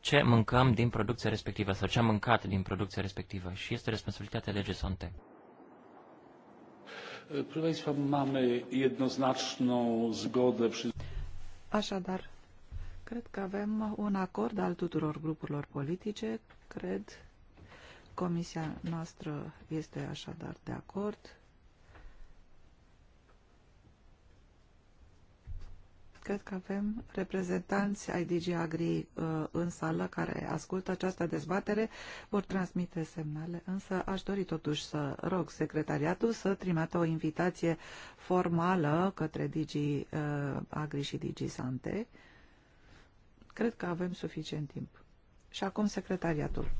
Speaker 1: ce mâncăm din producția respectivă sau ce am mâncat din producția respectivă și este responsabilitatea DG Sante.
Speaker 3: Proszę Państwa, mamy jednoznaczną
Speaker 2: zgodę przy...
Speaker 3: Așadar, cred că avem un acord al tuturor grupurilor politice. Cred Comisia noastră este așadar de acord. Cred că avem reprezentanți ai DG Agri uh, în sală care ascultă această dezbatere, vor transmite semnale, însă aș dori totuși să rog secretariatul să trimată o invitație formală către DG uh, Agri și DG Sante. Cred că avem suficient timp. Și acum secretariatul.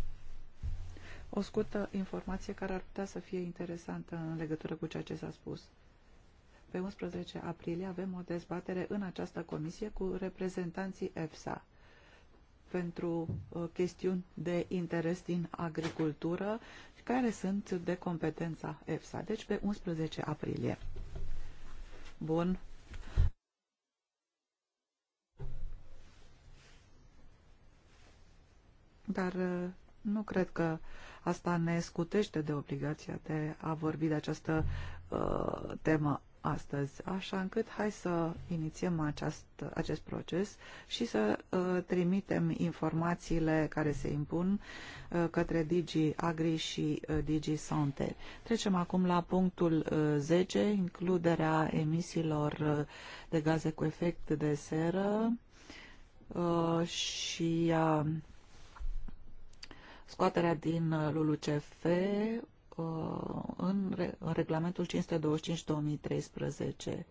Speaker 3: O scurtă informație care ar putea să fie interesantă în legătură cu ceea ce s-a spus. Pe 11 aprilie avem o dezbatere în această comisie cu reprezentanții EFSA pentru uh, chestiuni de interes din agricultură care sunt de competența EFSA. Deci pe 11 aprilie. Bun. Dar uh, nu cred că asta ne scutește de obligația de a vorbi de această uh, temă astăzi, așa încât hai să inițiem aceast, acest proces și să uh, trimitem informațiile care se impun uh, către Digi Agri și uh, Digi Sante. Trecem acum la punctul uh, 10, includerea emisiilor uh, de gaze cu efect de seră uh, și uh, scoaterea din uh, LULUCF, Uh, în regulamentul 525-2013.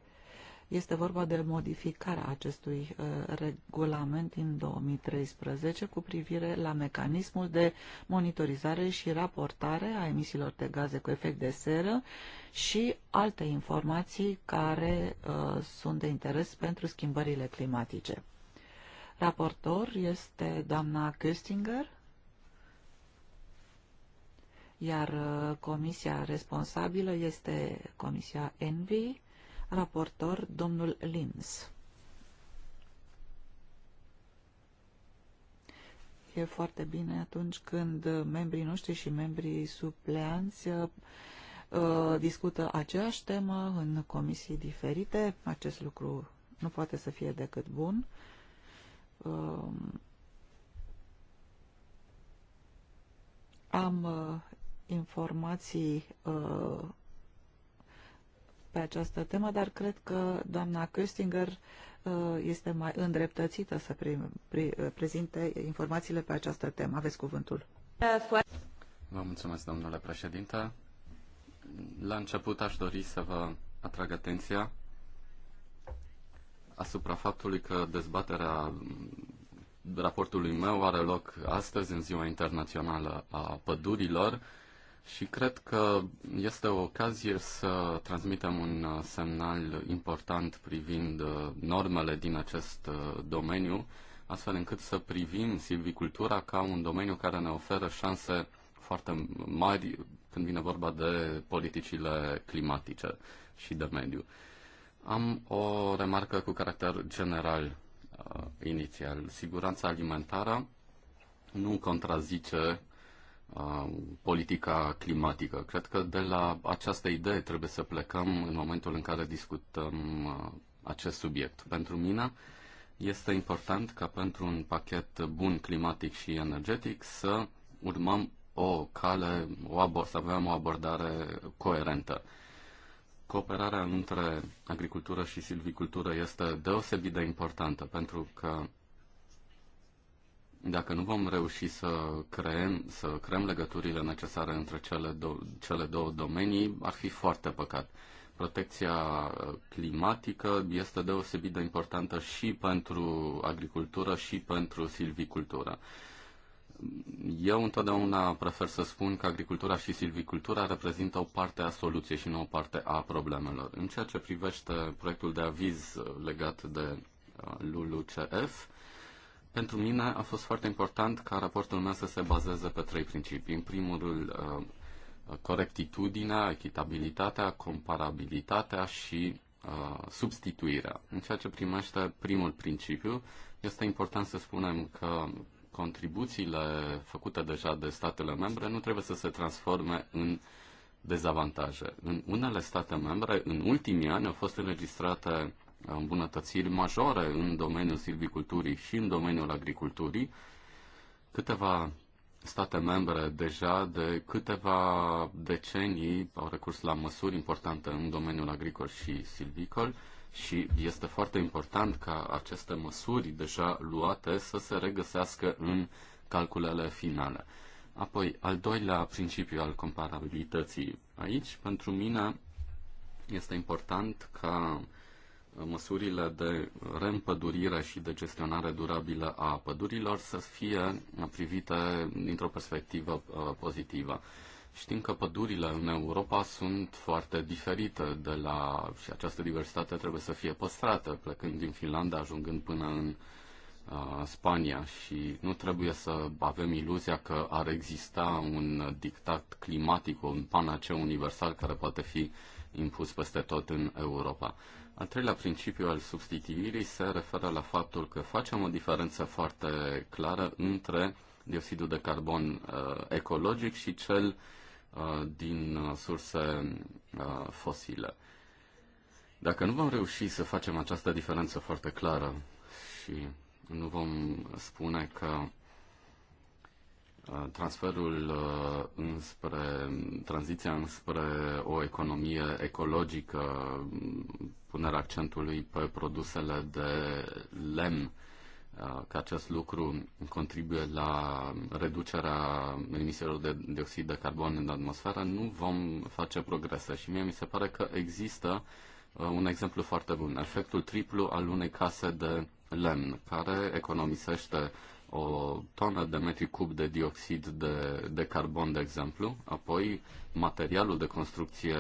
Speaker 3: Este vorba de modificarea acestui uh, regulament din 2013 cu privire la mecanismul de monitorizare și raportare a emisiilor de gaze cu efect de seră și alte informații care uh, sunt de interes pentru schimbările climatice. Raportor este doamna Köstinger iar uh, comisia responsabilă este Comisia Envi, raportor domnul Lins. E foarte bine atunci când membrii noștri și membrii supleanți uh, discută aceeași temă în comisii diferite. Acest lucru nu poate să fie decât bun. Um, am uh, informații uh, pe această temă, dar cred că doamna Köstinger uh, este mai îndreptățită să uh, prezinte informațiile pe această temă. Aveți cuvântul.
Speaker 2: Vă mulțumesc, domnule președinte. La început aș dori să vă atrag atenția asupra faptului că dezbaterea raportului meu are loc astăzi în Ziua Internațională a Pădurilor și cred că este o ocazie să transmitem un uh, semnal important privind uh, normele din acest uh, domeniu, astfel încât să privim silvicultura ca un domeniu care ne oferă șanse foarte mari când vine vorba de politicile climatice și de mediu. Am o remarcă cu caracter general uh, inițial. Siguranța alimentară nu contrazice politica climatică. Cred că de la această idee trebuie să plecăm în momentul în care discutăm acest subiect. Pentru mine este important ca pentru un pachet bun climatic și energetic să urmăm o cale, o abord, să avem o abordare coerentă. Cooperarea între agricultură și silvicultură este deosebit de importantă pentru că dacă nu vom reuși să creăm, să creăm legăturile necesare între cele, do- cele două domenii, ar fi foarte păcat. Protecția uh, climatică este deosebit de importantă și pentru agricultură și pentru silvicultură. Eu întotdeauna prefer să spun că agricultura și silvicultura reprezintă o parte a soluției și nu o parte a problemelor. În ceea ce privește proiectul de aviz uh, legat de uh, LULUCF, pentru mine a fost foarte important ca raportul meu să se bazeze pe trei principii. În primul uh, corectitudinea, echitabilitatea, comparabilitatea și uh, substituirea. În ceea ce primește primul principiu, este important să spunem că contribuțiile făcute deja de statele membre nu trebuie să se transforme în dezavantaje. În unele state membre, în ultimii ani, au fost înregistrate îmbunătățiri majore în domeniul silviculturii și în domeniul agriculturii. Câteva state membre deja de câteva decenii au recurs la măsuri importante în domeniul agricol și silvicol și este foarte important ca aceste măsuri deja luate să se regăsească în calculele finale. Apoi, al doilea principiu al comparabilității aici, pentru mine este important ca măsurile de reîmpădurire și de gestionare durabilă a pădurilor să fie privite dintr-o perspectivă uh, pozitivă. Știm că pădurile în Europa sunt foarte diferite de la și această diversitate trebuie să fie păstrată, plecând din Finlanda, ajungând până în uh, Spania și nu trebuie să avem iluzia că ar exista un dictat climatic, un panaceu universal care poate fi impus peste tot în Europa. Uh, al treilea principiu al substituirii se referă la faptul că facem o diferență foarte clară între dioxidul de carbon uh, ecologic și cel uh, din uh, surse uh, fosile. Dacă nu vom reuși să facem această diferență foarte clară și nu vom spune că transferul înspre, tranziția înspre o economie ecologică, punerea accentului pe produsele de lemn, că acest lucru contribuie la reducerea emisiilor de dioxid de carbon în atmosferă, nu vom face progrese. Și mie mi se pare că există un exemplu foarte bun, efectul triplu al unei case de lemn, care economisește o tonă de metri cub de dioxid de, de carbon, de exemplu, apoi materialul de construcție,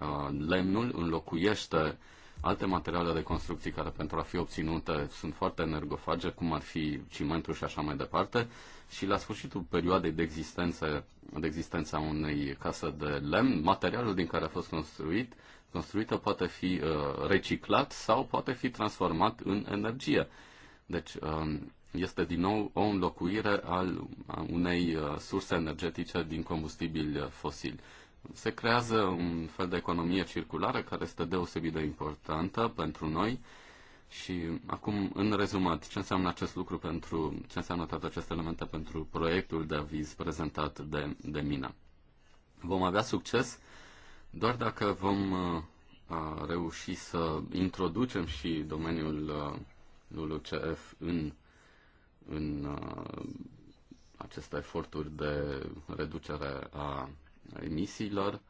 Speaker 2: uh, lemnul, înlocuiește alte materiale de construcții care pentru a fi obținute sunt foarte energofage, cum ar fi cimentul și așa mai departe, și la sfârșitul perioadei de existență, de existența unei case de lemn, materialul din care a fost construit, construită poate fi uh, reciclat sau poate fi transformat în energie. Deci, um, este din nou o înlocuire al unei uh, surse energetice din combustibili uh, fosili. Se creează un fel de economie circulară care este deosebit de importantă pentru noi și acum, în rezumat, ce înseamnă acest lucru pentru, ce înseamnă toate aceste elemente pentru proiectul de aviz prezentat de, de mine. Vom avea succes doar dacă vom uh, reuși să introducem și domeniul uh, LULUCF în în uh, aceste eforturi de reducere a emisiilor.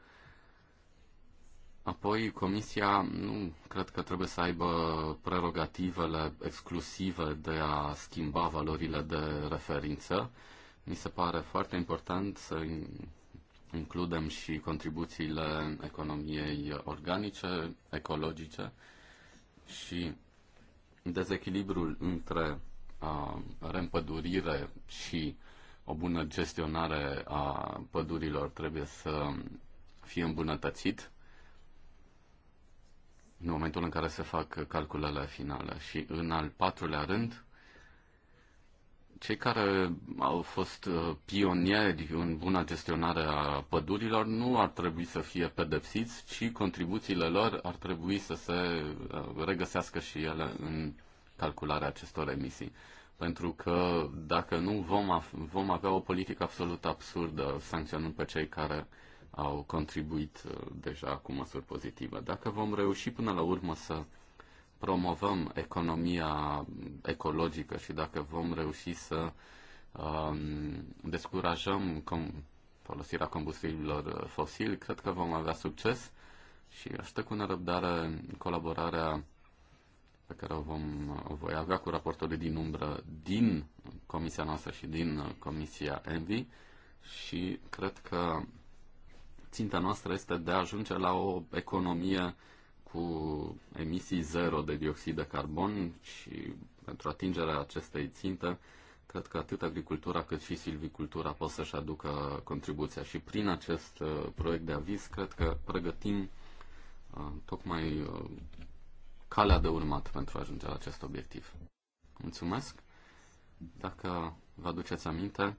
Speaker 2: Apoi, Comisia nu cred că trebuie să aibă prerogativele exclusive de a schimba valorile de referință. Mi se pare foarte important să includem și contribuțiile economiei organice, ecologice și dezechilibrul între reîmpădurire și o bună gestionare a pădurilor trebuie să fie îmbunătățit în momentul în care se fac calculele finale. Și în al patrulea rând, cei care au fost uh, pionieri în buna gestionare a pădurilor nu ar trebui să fie pedepsiți, ci contribuțiile lor ar trebui să se uh, regăsească și ele în calcularea acestor emisii. Pentru că dacă nu, vom, vom avea o politică absolut absurdă, sancționând pe cei care au contribuit uh, deja cu măsuri pozitive. Dacă vom reuși până la urmă să promovăm economia ecologică și dacă vom reuși să um, descurajăm com- folosirea combustibililor uh, fosili, cred că vom avea succes și aștept cu nerăbdare colaborarea pe care o, vom, o voi avea cu raportorii din umbră din comisia noastră și din comisia Envi și cred că ținta noastră este de a ajunge la o economie cu emisii zero de dioxid de carbon și pentru atingerea acestei ținte, cred că atât agricultura cât și silvicultura pot să-și aducă contribuția și prin acest uh, proiect de aviz cred că pregătim uh, tocmai uh, calea de urmat pentru a ajunge la acest obiectiv. Mulțumesc! Dacă vă aduceți aminte,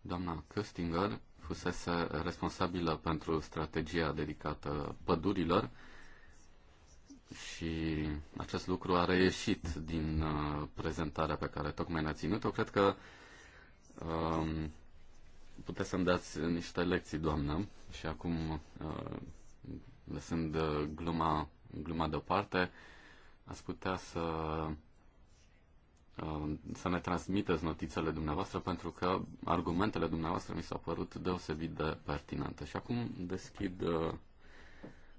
Speaker 2: doamna Köstinger fusese responsabilă pentru strategia dedicată pădurilor și acest lucru a reieșit din uh, prezentarea pe care tocmai ne-a ținut-o. Cred că um, puteți să-mi dați niște lecții, doamnă, și acum, uh, lăsând uh, gluma, gluma deoparte, uh, ați putea să, uh, să ne transmiteți notițele dumneavoastră, pentru că argumentele dumneavoastră mi s-au părut deosebit de pertinente. Și acum deschid uh,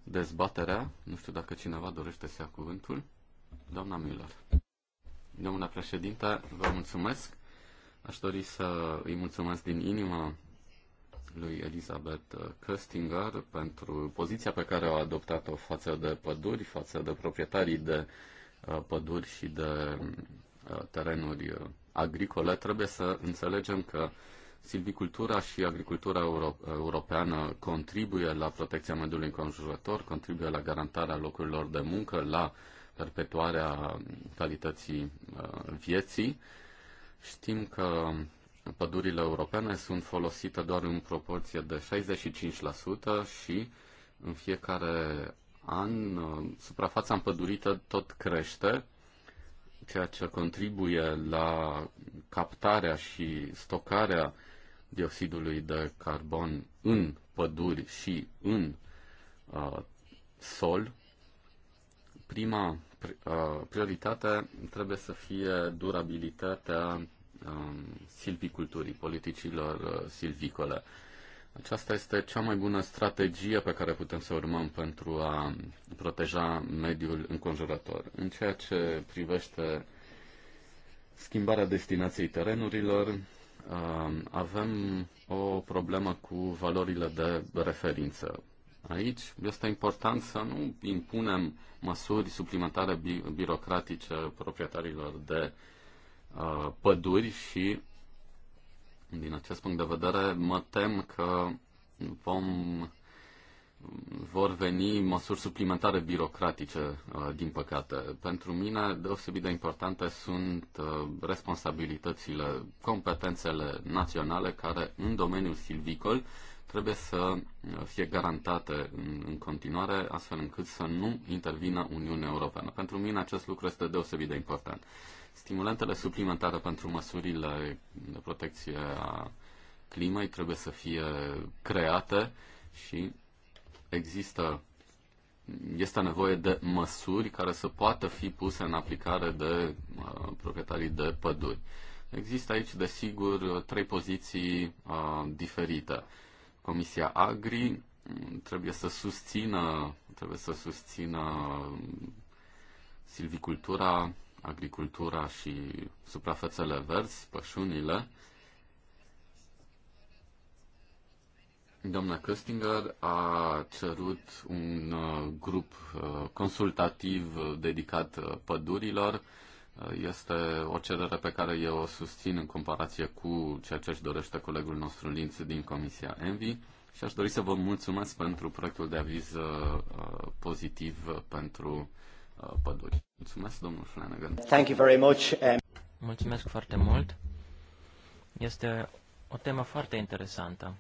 Speaker 2: dezbaterea. Nu știu dacă cineva dorește să ia cuvântul. Doamna Müller. Domnule președinte, vă mulțumesc. Aș dori să îi mulțumesc din inimă lui Elizabeth Köstinger pentru poziția pe care a adoptat-o față de păduri, față de proprietarii de uh, păduri și de uh, terenuri agricole. Trebuie să înțelegem că silvicultura și agricultura euro- europeană contribuie la protecția mediului înconjurător, contribuie la garantarea locurilor de muncă, la perpetuarea calității uh, vieții. Știm că pădurile europene sunt folosite doar în proporție de 65% și în fiecare an uh, suprafața împădurită tot crește, ceea ce contribuie la captarea și stocarea dioxidului de carbon în păduri și în uh, sol. Prima uh, prioritate trebuie să fie durabilitatea um, silviculturii, politicilor uh, silvicole. Aceasta este cea mai bună strategie pe care putem să urmăm pentru a proteja mediul înconjurător. În ceea ce privește schimbarea destinației terenurilor, um, avem o problemă cu valorile de referință. Aici este important să nu impunem măsuri suplimentare bi- birocratice proprietarilor de uh, Uh, păduri și, din acest punct de vedere, mă tem că vom, vor veni măsuri suplimentare birocratice, uh, din păcate. Pentru mine, deosebit de importante sunt uh, responsabilitățile, competențele naționale care, în domeniul silvicol, trebuie să fie garantate în, în continuare, astfel încât să nu intervină Uniunea Europeană. Pentru mine acest lucru este deosebit de important. Stimulantele suplimentare pentru măsurile de protecție a climei trebuie să fie create și există este nevoie de măsuri care să poată fi puse în aplicare de uh, proprietarii de păduri. Există aici, desigur, trei poziții uh, diferite. Comisia Agri mm, trebuie să susțină, trebuie să susțină mm, silvicultura, agricultura și suprafețele verzi, pășunile. Doamna Köstinger a cerut un uh, grup uh, consultativ uh, dedicat pădurilor. Este o cerere pe care eu o susțin în comparație cu ceea ce își dorește colegul nostru Linț din Comisia Envi și aș dori să vă mulțumesc pentru proiectul de aviz pozitiv pentru Uh, păduri. Mulțumesc, domnul Flanagan.
Speaker 3: Thank you very much. Um,
Speaker 1: Mulțumesc foarte mult. Este o temă foarte interesantă.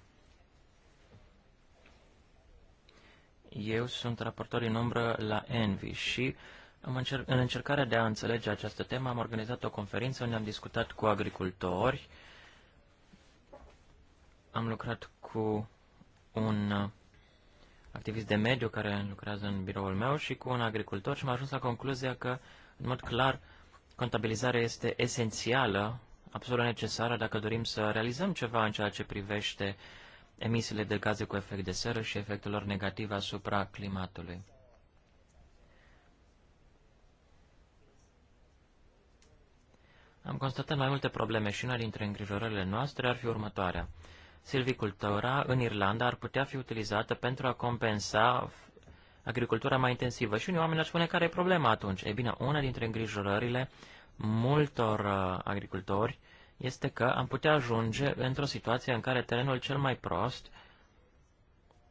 Speaker 1: Eu sunt raportor în umbră la Envy și am încer- în încercarea de a înțelege această temă am organizat o conferință unde am discutat cu agricultori, am lucrat cu un activist de mediu care lucrează în biroul meu și cu un agricultor și am ajuns la concluzia că, în mod clar, contabilizarea este esențială, absolut necesară dacă dorim să realizăm ceva în ceea ce privește emisiile de gaze cu efect de seră și efectul lor negativ asupra climatului. Am constatat mai multe probleme și una dintre îngrijorările noastre ar fi următoarea silvicultura în Irlanda ar putea fi utilizată pentru a compensa agricultura mai intensivă. Și unii oameni ar spune care e problema atunci. e bine, una dintre îngrijorările multor uh, agricultori este că am putea ajunge într-o situație în care terenul cel mai prost,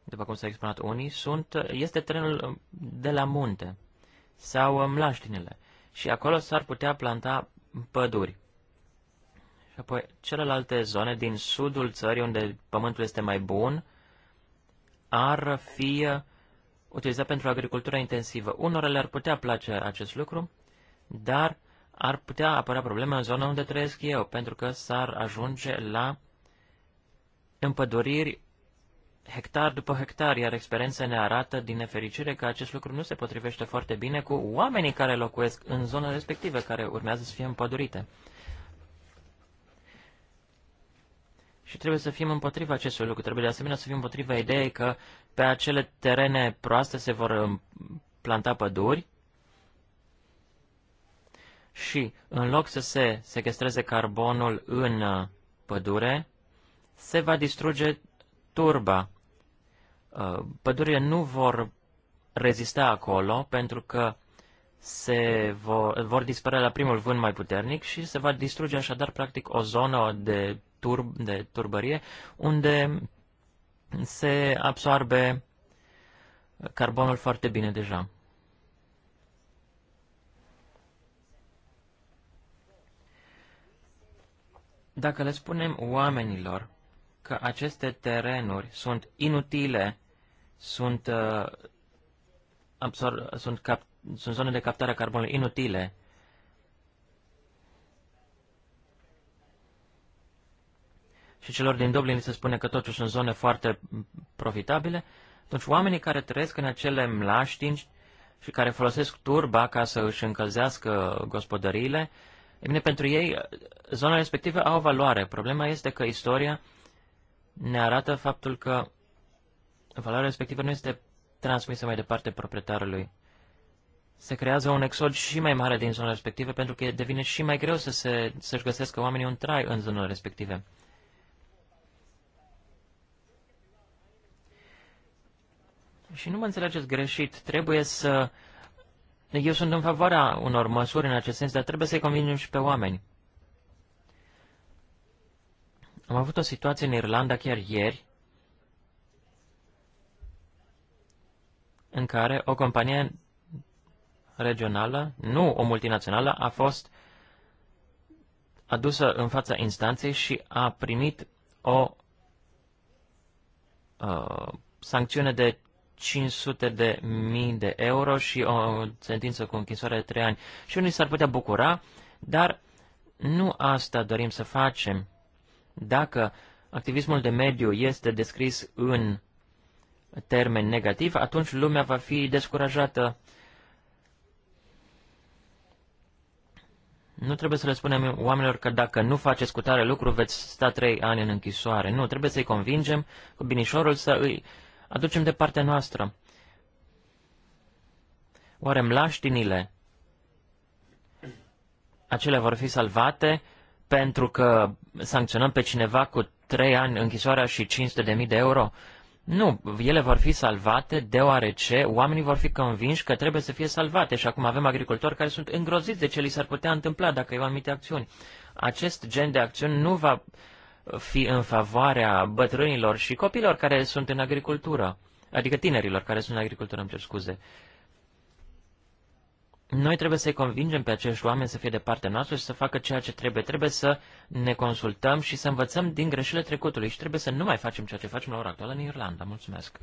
Speaker 1: după cum s-a exprimat unii, sunt, este terenul uh, de la munte sau uh, mlaștinile. Și acolo s-ar putea planta păduri. Și apoi celelalte zone din sudul țării, unde pământul este mai bun, ar fi utilizat pentru agricultura intensivă. Unora le-ar putea place acest lucru, dar ar putea apărea probleme în zona unde trăiesc eu, pentru că s-ar ajunge la împăduriri hectar după hectar, iar experiența ne arată din nefericire că acest lucru nu se potrivește foarte bine cu oamenii care locuiesc în zona respectivă, care urmează să fie împădurite. Și trebuie să fim împotriva acestui lucru. Trebuie de asemenea să fim împotriva ideii că pe acele terene proaste se vor planta păduri și în loc să se sequestreze carbonul în uh, pădure, se va distruge turba. Uh, pădurile nu vor rezista acolo pentru că se vor, vor dispărea la primul vânt mai puternic și se va distruge așadar practic o zonă de tur, de turbărie, unde se absorbe carbonul foarte bine deja. Dacă le spunem oamenilor că aceste terenuri sunt inutile, sunt, uh, absor- sunt, cap- sunt zone de captare a carbonului inutile, și celor din Dublin se spune că totuși sunt zone foarte profitabile, atunci deci oamenii care trăiesc în acele mlaștini și care folosesc turba ca să își încălzească gospodăriile, e bine, pentru ei zona respectivă au valoare. Problema este că istoria ne arată faptul că valoarea respectivă nu este transmisă mai departe proprietarului. Se creează un exod și mai mare din zonele respective pentru că devine și mai greu să se, să-și găsească oamenii un trai în zonele respective. Și nu mă înțelegeți greșit, trebuie să... Eu sunt în favoarea unor măsuri în acest sens, dar trebuie să-i convingem și pe oameni. Am avut o situație în Irlanda chiar ieri, în care o companie regională, nu o multinațională, a fost adusă în fața instanței și a primit o uh, sancțiune de 500 de mii de euro și o sentință cu închisoare de 3 ani. Și unii s-ar putea bucura, dar nu asta dorim să facem. Dacă activismul de mediu este descris în termen negativ, atunci lumea va fi descurajată. Nu trebuie să le spunem oamenilor că dacă nu faceți cu tare lucru, veți sta trei ani în închisoare. Nu, trebuie să-i convingem cu binișorul să îi aducem de partea noastră. Oare mlaștinile acelea vor fi salvate pentru că sancționăm pe cineva cu trei ani închisoarea și 500.000 de euro? Nu, ele vor fi salvate deoarece oamenii vor fi convinși că trebuie să fie salvate și acum avem agricultori care sunt îngroziți de ce li s-ar putea întâmpla dacă iau anumite acțiuni. Acest gen de acțiuni nu va fi în favoarea bătrânilor și copilor care sunt în agricultură, adică tinerilor care sunt în agricultură, îmi cer scuze. Noi trebuie să-i convingem pe acești oameni să fie de partea noastră și să facă ceea ce trebuie. Trebuie să ne consultăm și să învățăm din greșelile trecutului și trebuie să nu mai facem ceea ce facem la ora actuală în Irlanda. Mulțumesc!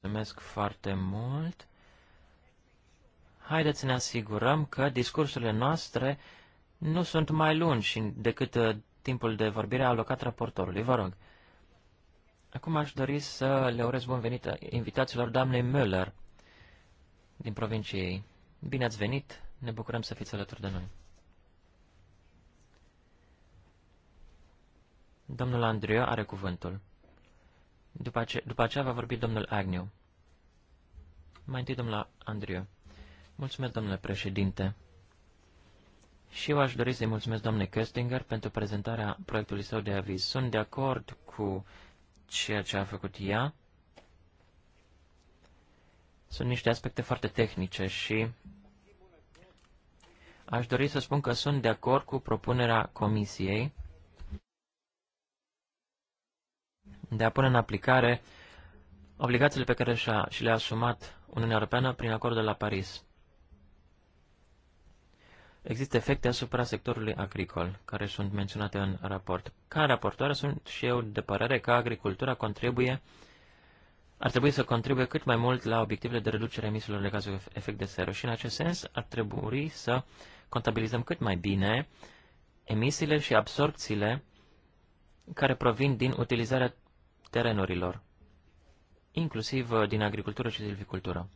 Speaker 1: Mulțumesc foarte mult! haideți să ne asigurăm că discursurile noastre nu sunt mai lungi decât uh, timpul de vorbire alocat raportorului. Vă rog. Acum aș dori să le urez bun venit invitațiilor doamnei Müller din provinciei. Bine ați venit, ne bucurăm să fiți alături de noi. Domnul Andreu are cuvântul. După, ce după aceea va vorbi domnul Agnew. Mai întâi domnul Andreu. Mulțumesc, domnule președinte. Și eu aș dori să-i mulțumesc, domnule Köstinger, pentru prezentarea proiectului său de aviz. Sunt de acord cu ceea ce a făcut ea. Sunt niște aspecte foarte tehnice și aș dori să spun că sunt de acord cu propunerea Comisiei de a pune în aplicare obligațiile pe care și le-a asumat Uniunea Europeană prin acordul de la Paris. Există efecte asupra sectorului agricol, care sunt menționate în raport. Ca raportoare sunt și eu de părere că agricultura contribuie, ar trebui să contribuie cât mai mult la obiectivele de reducere a emisiilor de gaze cu efect de seră și în acest sens ar trebui să contabilizăm cât mai bine emisiile și absorpțiile care provin din utilizarea terenurilor, inclusiv din agricultură și silvicultură.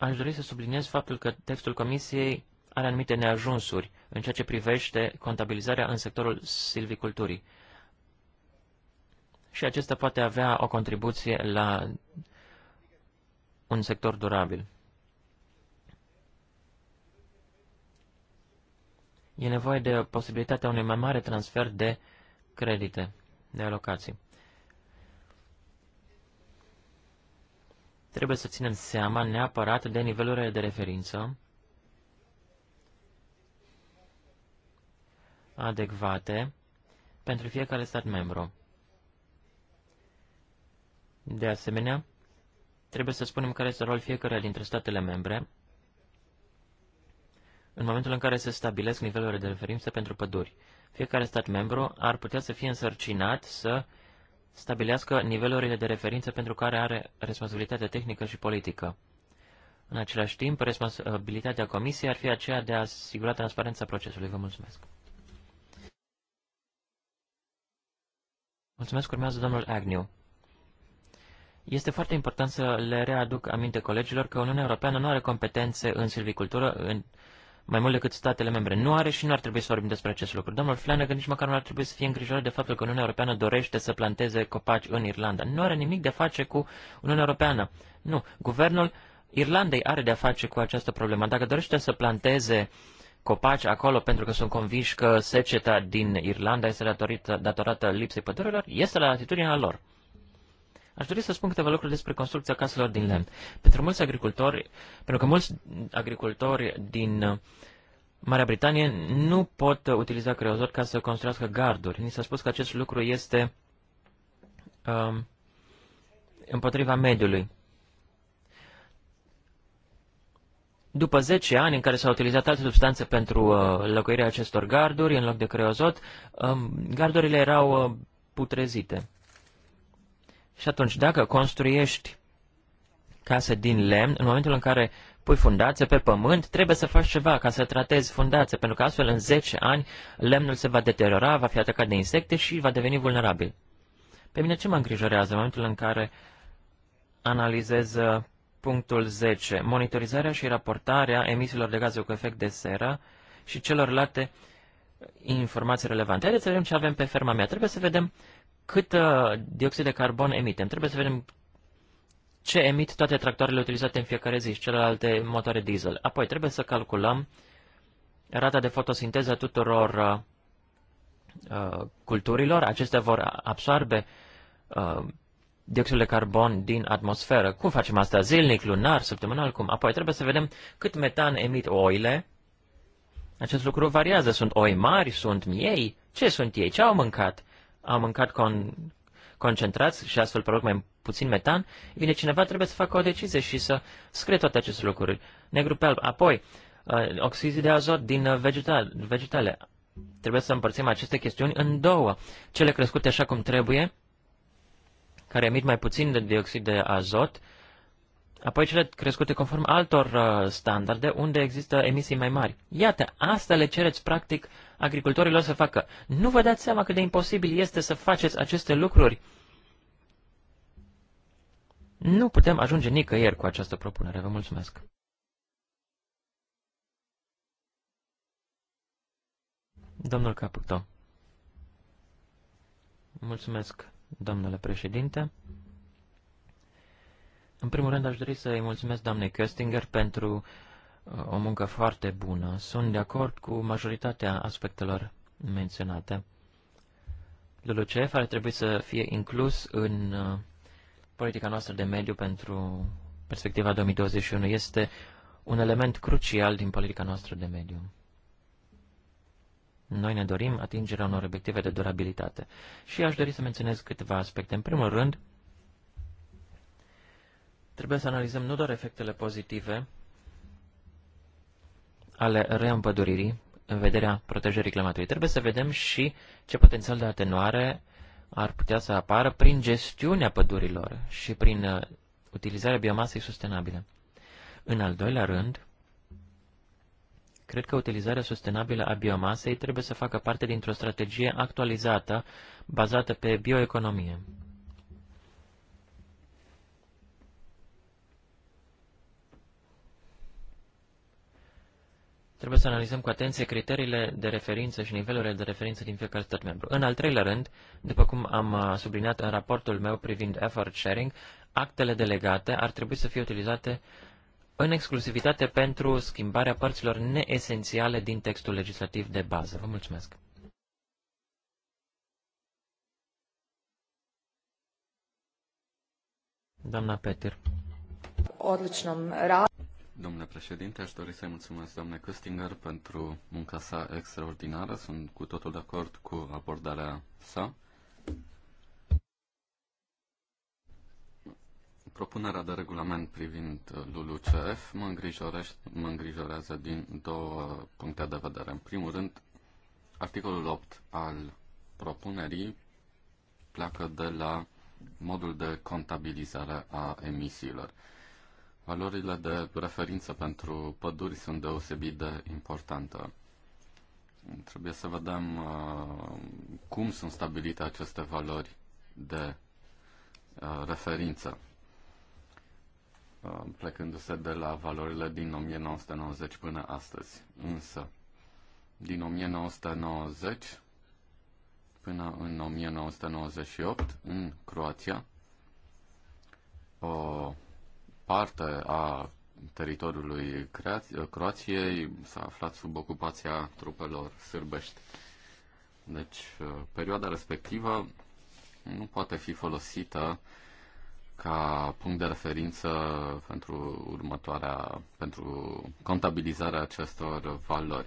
Speaker 1: Aș dori să subliniez faptul că textul Comisiei are anumite neajunsuri în ceea ce privește contabilizarea în sectorul silviculturii. Și acesta poate avea o contribuție la un sector durabil. E nevoie de posibilitatea unui mai mare transfer de credite, de alocații. Trebuie să ținem seama neapărat de nivelurile de referință adecvate pentru fiecare stat membru. De asemenea, trebuie să spunem care este rolul fiecare dintre statele membre în momentul în care se stabilesc nivelurile de referință pentru păduri. Fiecare stat membru ar putea să fie însărcinat să stabilească nivelurile de referință pentru care are responsabilitatea tehnică și politică. În același timp, responsabilitatea Comisiei ar fi aceea de a asigura transparența procesului. Vă mulțumesc. Mulțumesc, urmează domnul Agnew. Este foarte important să le readuc aminte colegilor că Uniunea Europeană nu are competențe în silvicultură, în mai mult decât statele membre nu are și nu ar trebui să vorbim despre acest lucru. Domnul Flanagan nici măcar nu ar trebui să fie îngrijorat de faptul că Uniunea Europeană dorește să planteze copaci în Irlanda. Nu are nimic de face cu Uniunea Europeană. Nu. Guvernul Irlandei are de a face cu această problemă. Dacă dorește să planteze copaci acolo pentru că sunt conviși că seceta din Irlanda este datorită, datorată lipsei pădurilor, este la atitudinea lor. Aș dori să spun câteva lucruri despre construcția caselor din lemn. Pentru mulți agricultori, pentru că mulți agricultori din uh, Marea Britanie nu pot utiliza creozot ca să construiască garduri. Ni s-a spus că acest lucru este um, împotriva mediului. După 10 ani în care s-au utilizat alte substanțe pentru uh, locuirea acestor garduri în loc de creozot, um, gardurile erau uh, putrezite. Și atunci, dacă construiești case din lemn, în momentul în care pui fundație pe pământ, trebuie să faci ceva ca să tratezi fundația, pentru că astfel în 10 ani lemnul se va deteriora, va fi atacat de insecte și va deveni vulnerabil. Pe mine ce mă îngrijorează în momentul în care analizez uh, punctul 10, monitorizarea și raportarea emisiilor de gaze cu efect de seră și celorlalte informații relevante. Haideți să vedem ce avem pe ferma mea. Trebuie să vedem cât uh, dioxid de carbon emitem. Trebuie să vedem ce emit toate tractoarele utilizate în fiecare zi și celelalte motoare diesel. Apoi trebuie să calculăm rata de fotosinteză tuturor uh, uh culturilor. Acestea vor absorbe uh, dioxidul de carbon din atmosferă. Cum facem asta? Zilnic, lunar, săptămânal, cum? Apoi trebuie să vedem cât metan emit oile. Acest lucru variază. Sunt oi mari, sunt miei. Ce sunt ei? Ce au mâncat? au mâncat con, concentrați și astfel produc mai puțin metan, vine cineva, trebuie să facă o decizie și să scrie toate aceste lucruri. Negru pe alb. Apoi, uh, oxizii de azot din uh, vegetal, vegetale. Trebuie să împărțim aceste chestiuni în două. Cele crescute așa cum trebuie, care emit mai puțin de dioxid de azot, apoi cele crescute conform altor uh, standarde, unde există emisii mai mari. Iată, asta le cereți practic agricultorilor să facă. Nu vă dați seama cât de imposibil este să faceți aceste lucruri. Nu putem ajunge nicăieri cu această propunere. Vă mulțumesc. Domnul Caputo. Mulțumesc, domnule președinte. În primul rând, aș dori să-i mulțumesc doamnei Köstinger pentru uh, o muncă foarte bună. Sunt de acord cu majoritatea aspectelor menționate. LULUCF ar trebui să fie inclus în uh, politica noastră de mediu pentru perspectiva 2021. Este un element crucial din politica noastră de mediu. Noi ne dorim atingerea unor obiective de durabilitate. Și aș dori să menționez câteva aspecte. În primul rând, trebuie să analizăm nu doar efectele pozitive, ale reîmpăduririi în vederea protejării climatului. Trebuie să vedem și ce potențial de atenuare ar putea să apară prin gestiunea pădurilor și prin uh, utilizarea biomasei sustenabile. În al doilea rând, cred că utilizarea sustenabilă a biomasei trebuie să facă parte dintr-o strategie actualizată bazată pe bioeconomie. Trebuie să analizăm cu atenție criteriile de referință și nivelurile de referință din fiecare stat membru. În al treilea rând, după cum am uh, subliniat în raportul meu privind effort sharing, actele delegate ar trebui să fie utilizate în exclusivitate pentru schimbarea părților neesențiale din textul legislativ de bază. Vă mulțumesc! Doamna Petir.
Speaker 3: Odličnom
Speaker 2: Domnule președinte, aș dori să-i mulțumesc doamne Köstinger pentru munca sa extraordinară. Sunt cu totul de acord cu abordarea sa. Propunerea de regulament privind LULUCF mă, mă îngrijorează din două puncte de vedere. În primul rând, articolul 8 al propunerii pleacă de la modul de contabilizare a emisiilor. Valorile de referință pentru păduri sunt deosebit de importante. Trebuie să vedem uh, cum sunt stabilite aceste valori de uh, referință, uh, plecându-se de la valorile din 1990 până astăzi. Însă, din 1990 până în 1998, în Croația, o parte a teritoriului Croației s-a aflat sub ocupația trupelor sârbești. Deci, uh, perioada respectivă nu poate fi folosită ca punct de referință pentru următoarea, pentru contabilizarea acestor valori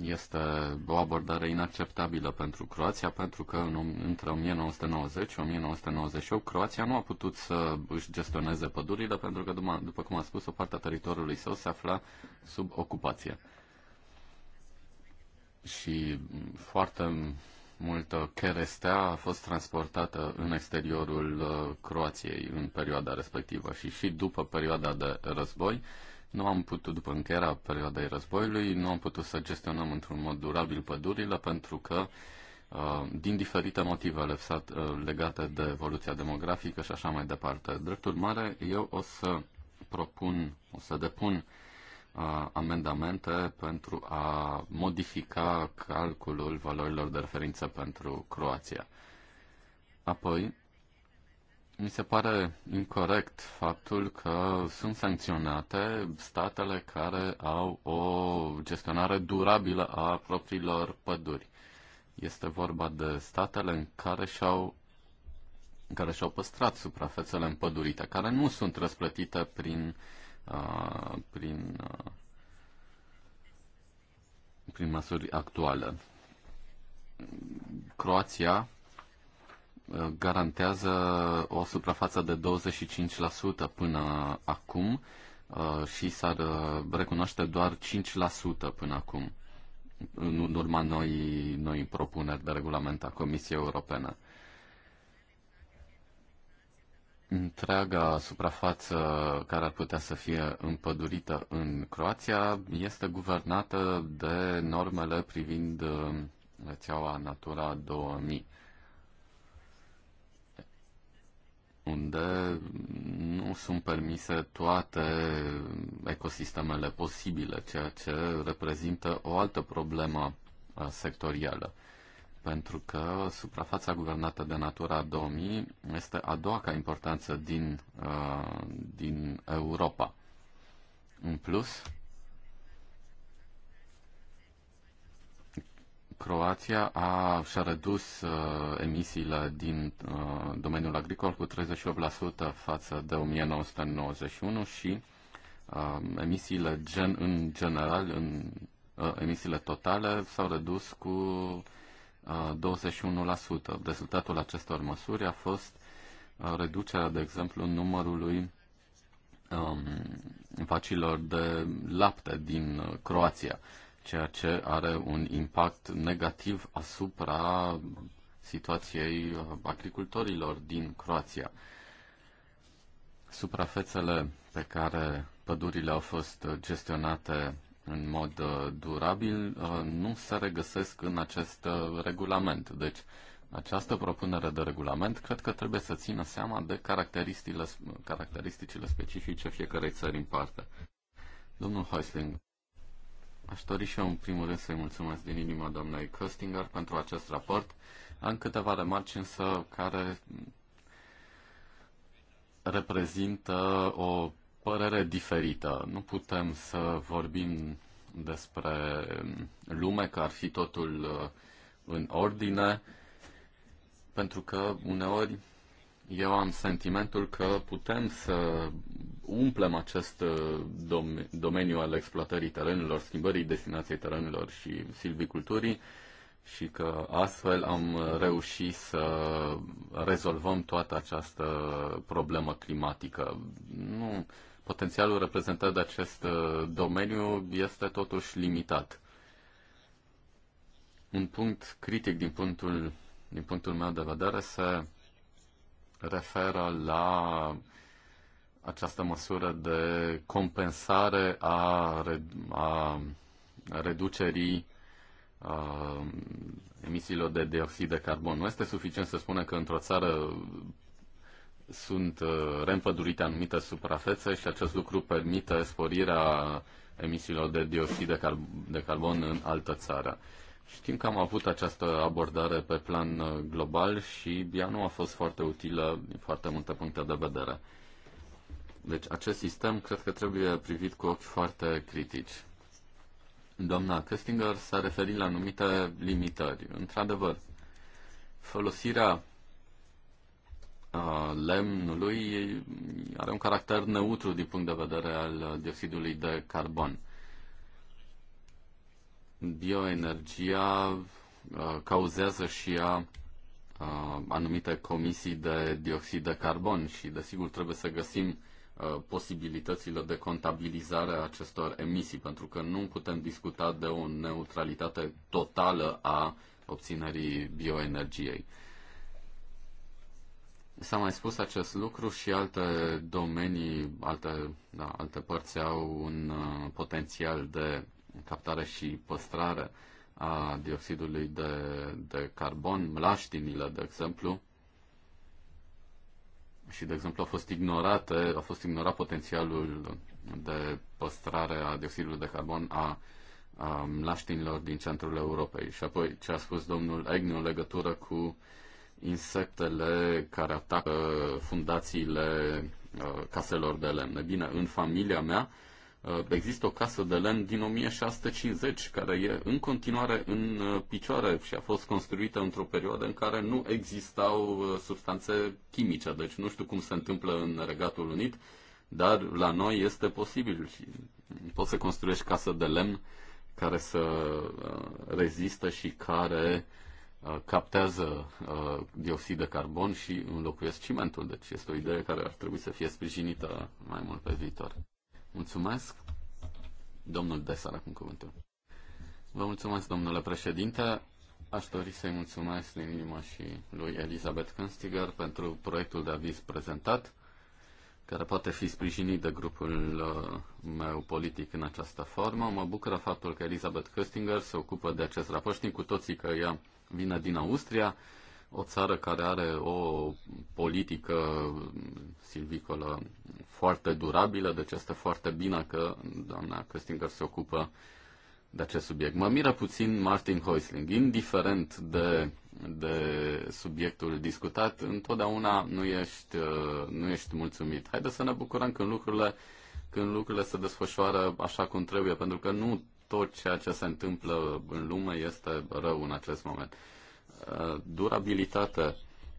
Speaker 2: este o abordare inacceptabilă pentru Croația, pentru că în, între 1990 și 1998 Croația nu a putut să își gestioneze pădurile, pentru că, după cum am spus, o parte a teritoriului său se afla sub ocupație. Și foarte multă cherestea a fost transportată în exteriorul uh, Croației în perioada respectivă și și după perioada de război nu am putut, după încheierea perioadei războiului, nu am putut să gestionăm într-un mod durabil pădurile pentru că, uh, din diferite motive uh, legate de evoluția demografică și așa mai departe. Drept urmare, eu o să propun, o să depun uh, amendamente pentru a modifica calculul valorilor de referință pentru Croația. Apoi, mi se pare incorrect faptul că sunt sancționate statele care au o gestionare durabilă a propriilor păduri. Este vorba de statele în care și-au care și-au păstrat suprafețele împădurite, care nu sunt răsplătite prin, uh, prin, uh, prin măsuri actuale. Croația garantează o suprafață de 25% până acum uh, și s-ar uh, recunoaște doar 5% până acum, în urma noi, noi propuneri de regulament a Comisiei Europene. Întreaga suprafață care ar putea să fie împădurită în Croația este guvernată de normele privind uh, rețeaua Natura 2000. unde nu sunt permise toate ecosistemele posibile, ceea ce reprezintă o altă problemă uh, sectorială. Pentru că suprafața guvernată de Natura 2000 este a doua ca importanță din, uh, din Europa. În plus, Croația a, și-a redus uh, emisiile din uh, domeniul agricol cu 38% față de 1991 și uh, emisiile gen, în general, în, uh, emisiile totale s-au redus cu uh, 21%. Rezultatul acestor măsuri a fost uh, reducerea, de exemplu, numărului um, vacilor de lapte din Croația ceea ce are un impact negativ asupra situației uh, agricultorilor din Croația. Suprafețele pe care pădurile au fost gestionate în mod uh, durabil uh, nu se regăsesc în acest regulament. Deci, această propunere de regulament cred că trebuie să țină seama de caracteristicile, caracteristicile specifice fiecarei țări în parte. Domnul Heusling. Aș dori și eu, în primul rând, să-i mulțumesc din inimă doamnei Köstinger pentru acest raport. Am câteva remarci însă care reprezintă o părere diferită. Nu putem să vorbim despre lume, că ar fi totul uh, în ordine, pentru că uneori eu am sentimentul că putem să umplem acest uh, domeniu al exploatării terenurilor, schimbării destinației terenurilor și silviculturii și că astfel am reușit să rezolvăm toată această problemă climatică. Nu, potențialul reprezentat de acest uh, domeniu este totuși limitat. Un punct critic din punctul, din punctul meu de vedere se referă la această măsură de compensare a, a reducerii a emisiilor de dioxid de carbon. Nu este suficient să spunem că într-o țară sunt uh, reîmpădurite anumite suprafețe și acest lucru permite sporirea emisiilor de dioxid de, car- de carbon în altă țară. Știm că am avut această abordare pe plan uh, global și ea nu a fost foarte utilă din foarte multe puncte de vedere. Deci acest sistem cred că trebuie privit cu ochi foarte critici. Doamna Köstinger s-a referit la anumite limitări. Într-adevăr, folosirea uh, lemnului are un caracter neutru din punct de vedere al dioxidului de carbon bioenergia uh, cauzează și ea uh, anumite comisii de dioxid de carbon și, desigur, trebuie să găsim uh, posibilitățile de contabilizare a acestor emisii, pentru că nu putem discuta de o neutralitate totală a obținerii bioenergiei. S-a mai spus acest lucru și alte domenii, alte, da, alte părți au un potențial de captare și păstrare a dioxidului de, de carbon, mlaștinile, de exemplu, și, de exemplu, a fost ignorată, a fost ignorat potențialul de păstrare a dioxidului de carbon a, a mlaștinilor din centrul Europei. Și apoi ce a spus domnul Egnu în legătură cu insectele care atacă fundațiile uh, caselor de lemn. Bine, în familia mea Uh, există o casă de lemn din 1650 care e în continuare în uh, picioare și a fost construită într-o perioadă în care nu existau uh, substanțe chimice. Deci nu știu cum se întâmplă în Regatul Unit, dar la noi este posibil și poți să construiești casă de lemn care să rezistă și care captează dioxid de carbon și înlocuiesc cimentul. Deci este o idee care ar trebui să fie sprijinită mai mult pe viitor. Mulțumesc. Domnul Desar, acum cuvântul. Vă mulțumesc, domnule președinte. Aș dori să-i mulțumesc din inimă și lui Elizabeth Kunstiger pentru proiectul de aviz prezentat, care poate fi sprijinit de grupul uh, meu politic în această formă. Mă bucură faptul că Elizabeth Kunstiger se ocupă de acest raport. Știm cu toții că ea vine din Austria, o țară care are o politică silvicolă foarte durabilă, deci este foarte bine că doamna Köstinger se ocupă de acest subiect. Mă miră puțin Martin Heusling. Indiferent de, de subiectul discutat, întotdeauna nu ești, nu ești mulțumit. Haideți să ne bucurăm când lucrurile, când lucrurile se desfășoară așa cum trebuie, pentru că nu tot ceea ce se întâmplă în lume este rău în acest moment. Uh, durabilitate.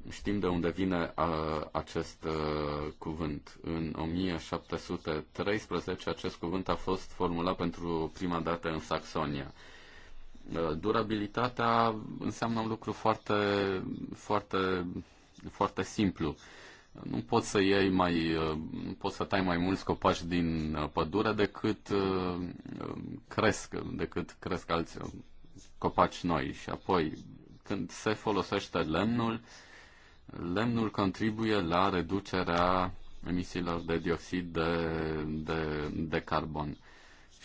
Speaker 2: Știm de unde vine a, uh, acest a, uh, cuvânt. În 1713 acest cuvânt a fost formulat pentru prima dată în Saxonia. Durabilitatea înseamnă un lucru foarte, foarte, foarte simplu. Nu poți să iei mai, nu poți să tai mai mulți copaci din pădure decât cresc, decât cresc alți copaci noi. Și apoi când se folosește lemnul, lemnul contribuie la reducerea emisiilor de dioxid de, de, de carbon.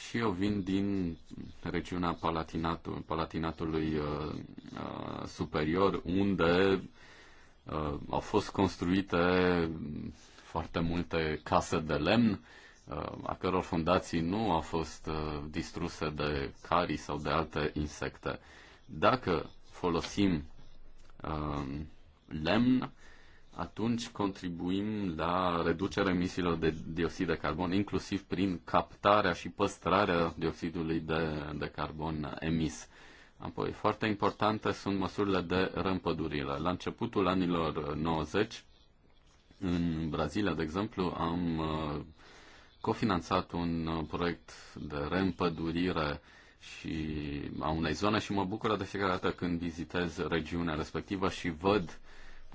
Speaker 2: Și eu vin din regiunea Palatinatul, Palatinatului uh, uh, Superior, unde uh, au fost construite foarte multe case de lemn, uh, a căror fundații nu au fost uh, distruse de carii sau de alte insecte. Dacă folosim um, lemn, atunci contribuim la reducerea emisiilor de dioxid de carbon, inclusiv prin captarea și păstrarea dioxidului de, de carbon emis. Apoi, foarte importante sunt măsurile de rămpădurire. La începutul anilor 90, în Brazilia, de exemplu, am uh, cofinanțat un uh, proiect de reîmpădurire și a unei zone și mă bucură de fiecare dată când vizitez regiunea respectivă și văd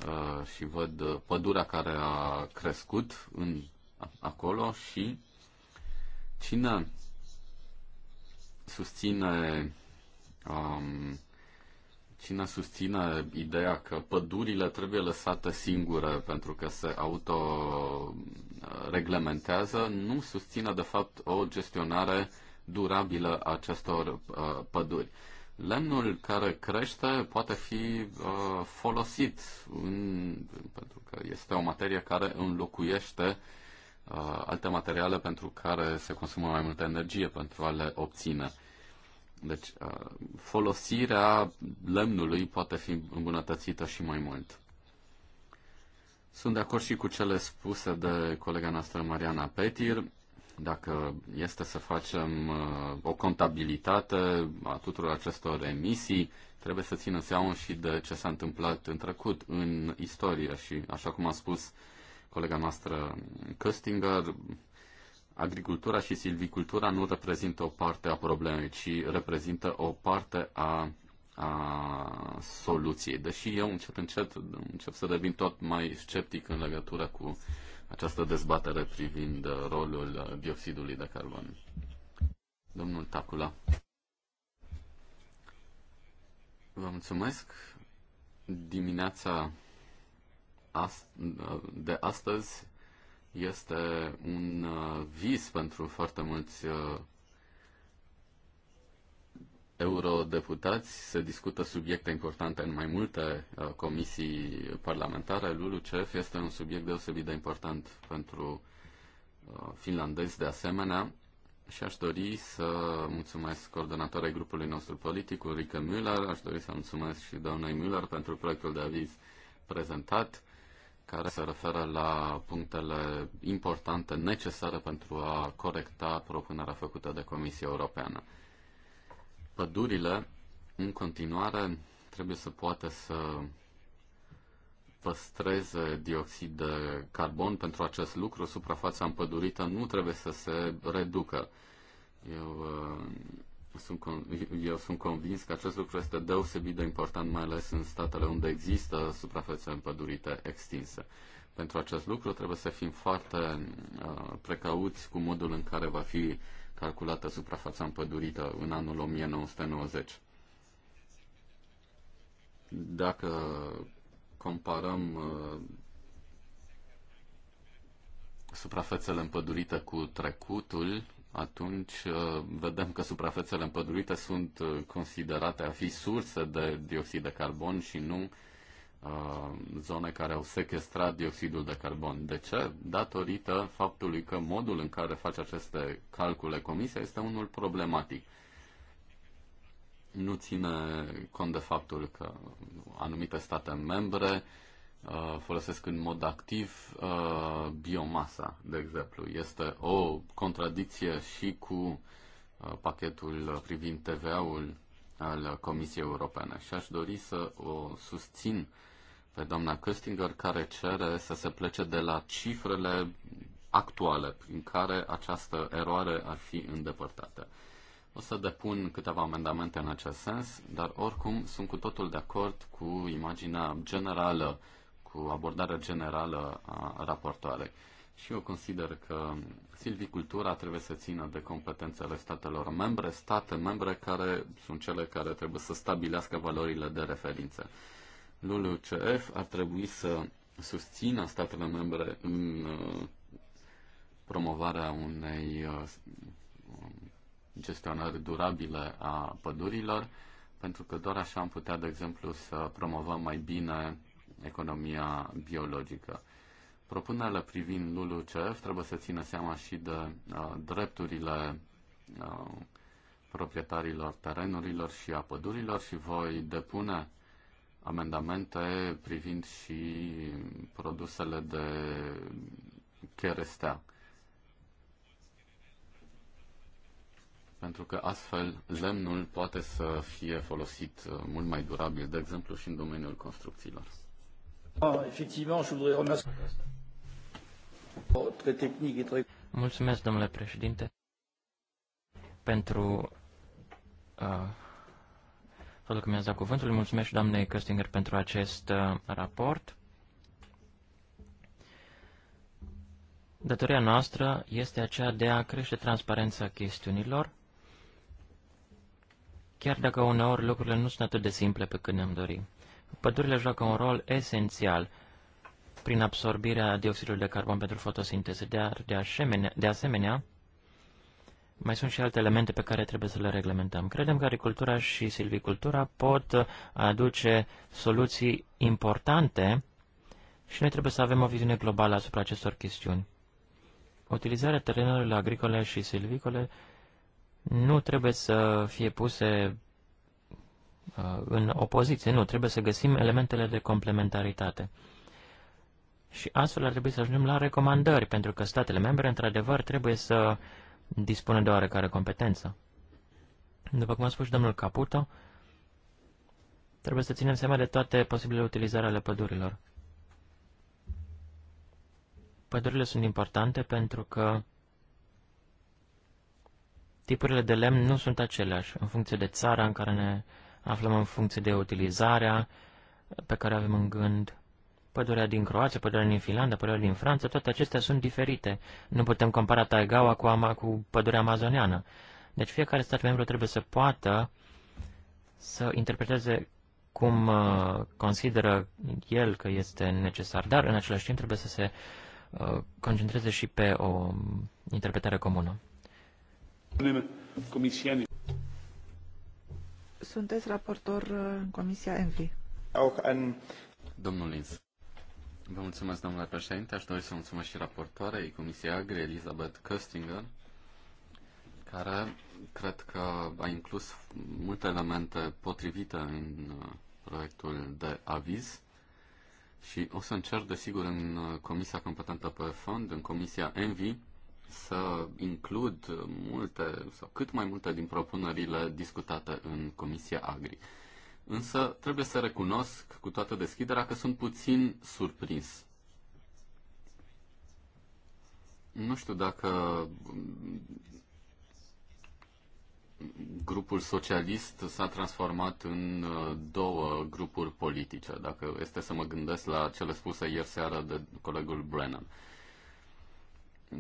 Speaker 2: uh, și văd uh, pădurea care a crescut în, acolo și cine susține um, cine susține ideea că pădurile trebuie lăsate singure pentru că se autoreglementează, uh, nu susține de fapt o gestionare uh, durabilă a acestor uh, păduri. Lemnul care crește poate fi uh, folosit în, pentru că este o materie care înlocuiește uh, alte materiale pentru care se consumă mai multă energie pentru a le obține. Deci, uh, folosirea lemnului poate fi îmbunătățită și mai mult. Sunt de acord și cu cele spuse de colega noastră Mariana Petir. Dacă este să facem uh, o contabilitate a tuturor acestor emisii, trebuie să țină seama și de ce s-a întâmplat în trecut, în istorie și, așa cum a spus colega noastră Köstinger, agricultura și silvicultura nu reprezintă o parte a problemei, ci reprezintă o parte a, a soluției. Deși eu încet, încet încep să devin tot mai sceptic în legătură cu această dezbatere privind uh, rolul uh, dioxidului de carbon. Domnul Tacula. Vă mulțumesc. Dimineața uh, de astăzi este un vis pentru foarte mulți eurodeputați, se discută subiecte importante în mai multe uh, comisii parlamentare. LULUCF este un subiect deosebit de important pentru uh, finlandezi de asemenea și aș dori să mulțumesc coordonatoarei grupului nostru politic, Ulrike Müller, aș dori să mulțumesc și doamnei Müller pentru proiectul de aviz prezentat, care se referă la punctele importante necesare pentru a corecta propunerea făcută de Comisia Europeană. Pădurile, în continuare, trebuie să poată să păstreze dioxid de carbon pentru acest lucru, suprafața împădurită nu trebuie să se reducă. Eu, uh, sunt, eu sunt convins că acest lucru este deosebit de important, mai ales în statele unde există suprafețe împădurite extinse. Pentru acest lucru trebuie să fim foarte uh, precauți cu modul în care va fi calculată suprafața împădurită în anul 1990. Dacă comparăm uh, suprafețele împădurite cu trecutul, atunci uh, vedem că suprafețele împădurite sunt uh, considerate a fi surse de dioxid de carbon și nu uh, Uh, zone care au sequestrat dioxidul de carbon. De ce? Datorită faptului că modul în care face aceste calcule comisia este unul problematic. Nu ține cont de faptul că anumite state membre uh, folosesc în mod activ uh, biomasa, de exemplu. Este o contradicție și cu pachetul privind TVA-ul al Comisiei Europene și aș dori să o susțin uh, pe doamna Köstinger, care cere să se plece de la cifrele actuale prin care această eroare ar fi îndepărtată. O să depun câteva amendamente în acest sens, dar oricum sunt cu totul de acord cu imaginea generală, cu abordarea generală a raportoarei. Și eu consider că silvicultura trebuie să țină de competențele statelor membre, state membre care sunt cele care trebuie să stabilească valorile de referință. LULUCF ar trebui să susțină statele membre în uh, promovarea unei uh, gestionări durabile a pădurilor, pentru că doar așa am putea, de exemplu, să promovăm mai bine economia biologică. Propunerile privind LULUCF trebuie să țină seama și de uh, drepturile proprietarilor terenurilor și a pădurilor și voi depune amendamente privind și produsele de cherestea. Pentru că astfel lemnul poate să fie folosit uh, mult mai durabil, de exemplu și în domeniul construcțiilor.
Speaker 1: Ah, Mulțumesc, domnule președinte, pentru uh, faptul că mi-ați dat cuvântul. Mulțumesc și doamnei Căstinger pentru acest uh, raport. Datoria noastră este aceea de a crește transparența chestiunilor, chiar dacă uneori lucrurile nu sunt atât de simple pe cât ne-am dorit. Pădurile joacă un rol esențial prin absorbirea dioxidului de carbon pentru fotosinteză. De, de, asemenea, de asemenea, mai sunt și alte elemente pe care trebuie să le reglementăm. Credem că agricultura și silvicultura pot aduce soluții importante și noi trebuie să avem o viziune globală asupra acestor chestiuni. Utilizarea terenurilor agricole și silvicole nu trebuie să fie puse uh, în opoziție, nu, trebuie să găsim elementele de complementaritate. Și astfel ar trebui să ajungem la recomandări, pentru că statele membre, într-adevăr, trebuie să uh, dispune de oarecare competență. După cum a spus domnul Caputo, trebuie să ținem seama de toate posibilele utilizări ale pădurilor. Pădurile sunt importante pentru că tipurile de lemn nu sunt aceleași în funcție de țara în care ne aflăm, în funcție de utilizarea pe care avem în gând. Pădurea din Croația, pădurea din Finlanda, pădurea din Franța, toate acestea sunt diferite. Nu putem compara Taigaua cu, ama, cu pădurea amazoniană. Deci fiecare stat membru trebuie să poată să interpreteze cum uh, consideră el că este necesar, dar în același timp trebuie să se uh, concentreze și pe o interpretare comună.
Speaker 3: Sunteți raportor uh, în Comisia Envi.
Speaker 2: Domnul Lins. Vă mulțumesc, domnule președinte. Aș dori să mulțumesc și raportoarei Comisia Agri, Elizabeth Köstinger, care cred că a inclus multe elemente potrivite în uh, proiectul de aviz și o să încerc, desigur, în uh, Comisia Competentă pe Fond, în Comisia ENVI, să includ multe sau cât mai multe din propunerile discutate în Comisia Agri însă trebuie să recunosc cu toată deschiderea că sunt puțin surprins. Nu știu dacă grupul socialist s-a transformat în uh, două grupuri politice, dacă este să mă gândesc la cele spuse ieri seară de colegul Brennan. Uh,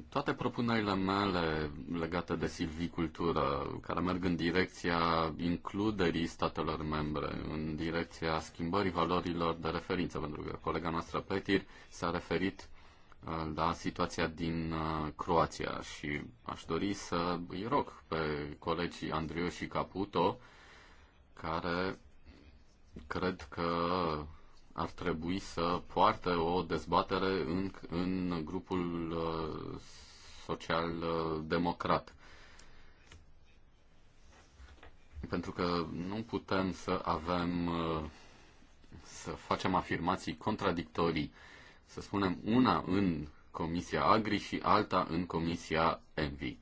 Speaker 2: toate propunerile mele legate de silvicultură, care merg în direcția includerii statelor membre, în direcția schimbării valorilor de referință, pentru că colega noastră Petir s-a referit uh, la situația din uh, Croația și aș dori să îi rog pe colegii Andriu și Caputo, care cred că ar trebui să poarte o dezbatere în, în grupul uh, social-democrat. Uh, Pentru că nu putem să avem, uh, să facem afirmații contradictorii, să spunem una în Comisia Agri și alta în Comisia Envi.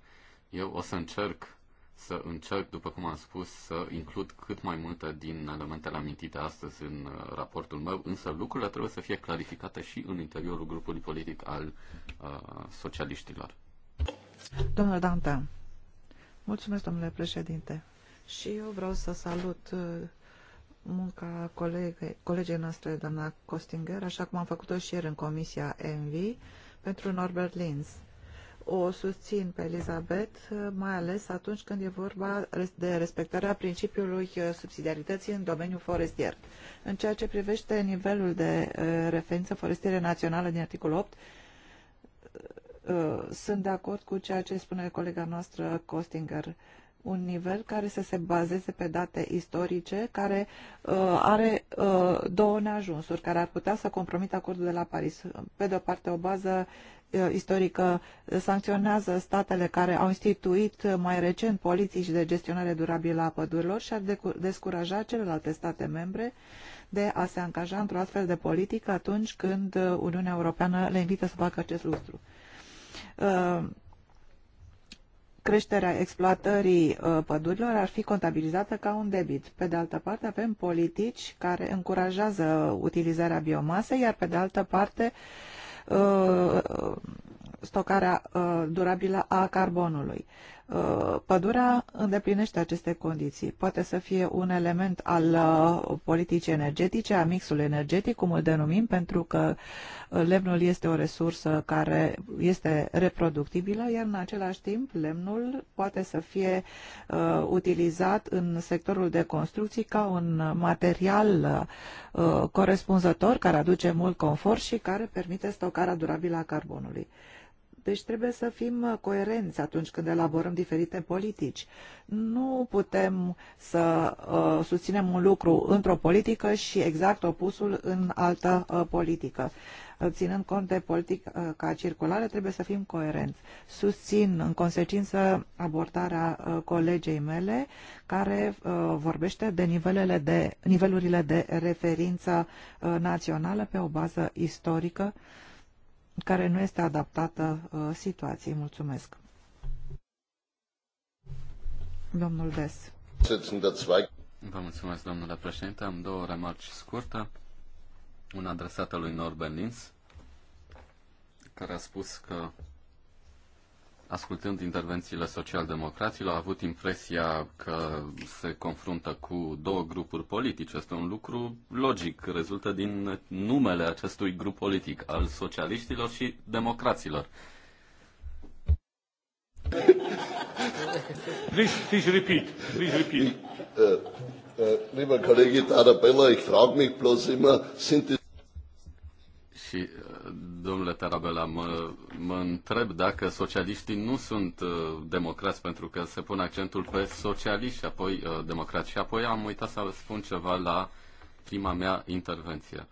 Speaker 2: Eu o să încerc să încerc, după cum am spus, să includ cât mai multe din elementele amintite astăzi în uh, raportul meu, însă lucrurile trebuie să fie clarificate și în interiorul grupului politic al uh, socialiștilor.
Speaker 3: Domnul Dante, mulțumesc, domnule președinte. Și eu vreau să salut uh, munca colegii colegei noastre, doamna Costinger, așa cum am făcut-o și ieri în Comisia ENVI, pentru Norbert Linz o susțin pe Elizabeth, mai ales atunci când e vorba de respectarea principiului uh, subsidiarității în domeniul forestier. În ceea ce privește nivelul de uh, referință forestiere națională din articolul 8, uh, sunt de acord cu ceea ce spune colega noastră Costinger un nivel care să se bazeze pe date istorice, care uh, are uh, două neajunsuri, care ar putea să compromită acordul de la Paris. Pe de o parte, o bază istorică sancționează statele care au instituit mai recent politici de gestionare durabilă a pădurilor și ar descuraja celelalte state membre de a se angaja într-o astfel de politică atunci când Uniunea Europeană le invită să facă acest lucru. Uh, creșterea exploatării uh, pădurilor ar fi contabilizată ca un debit. Pe de altă parte, avem politici care încurajează utilizarea biomasei, iar pe de altă parte, Uh, stocarea uh, durabilă a carbonului. Uh, pădurea îndeplinește aceste condiții. Poate să fie un element al uh, politicii energetice, a mixului energetic, cum îl denumim, pentru că uh, lemnul este o resursă care este reproductibilă, iar în același timp lemnul poate să fie utilizat în sectorul de construcții ca un material corespunzător care aduce mult confort și care permite stocarea durabilă a carbonului. Deci trebuie să fim uh, coerenți atunci când elaborăm diferite politici. Nu putem să uh, susținem un lucru într-o politică și exact opusul în altă uh, politică. Uh, ținând cont de politica uh, circulară, trebuie să fim coerenți. Susțin în consecință abordarea uh, colegei mele care uh, vorbește de, nivelele de nivelurile de referință uh, națională pe o bază istorică care nu este adaptată uh, situației. Mulțumesc. Domnul Des.
Speaker 2: Vă mulțumesc, domnule președinte. Am două remarci scurte. Una adresată lui Norben Lins, care a spus că ascultând intervențiile socialdemocraților, a avut impresia că se confruntă cu două grupuri politice. Este un lucru logic, rezultă din numele acestui grup politic, al socialiștilor și democraților. Please, please repeat, please repeat. Eh, eh, Lieber Kollege Tarabella, ich frage mich bloß immer, sind die... Și Domnule Tarabela, mă, mă întreb dacă socialiștii nu sunt uh, democrați pentru că se pune accentul pe socialiști și apoi uh, democrați. Și apoi am uitat să spun ceva la prima mea intervenție.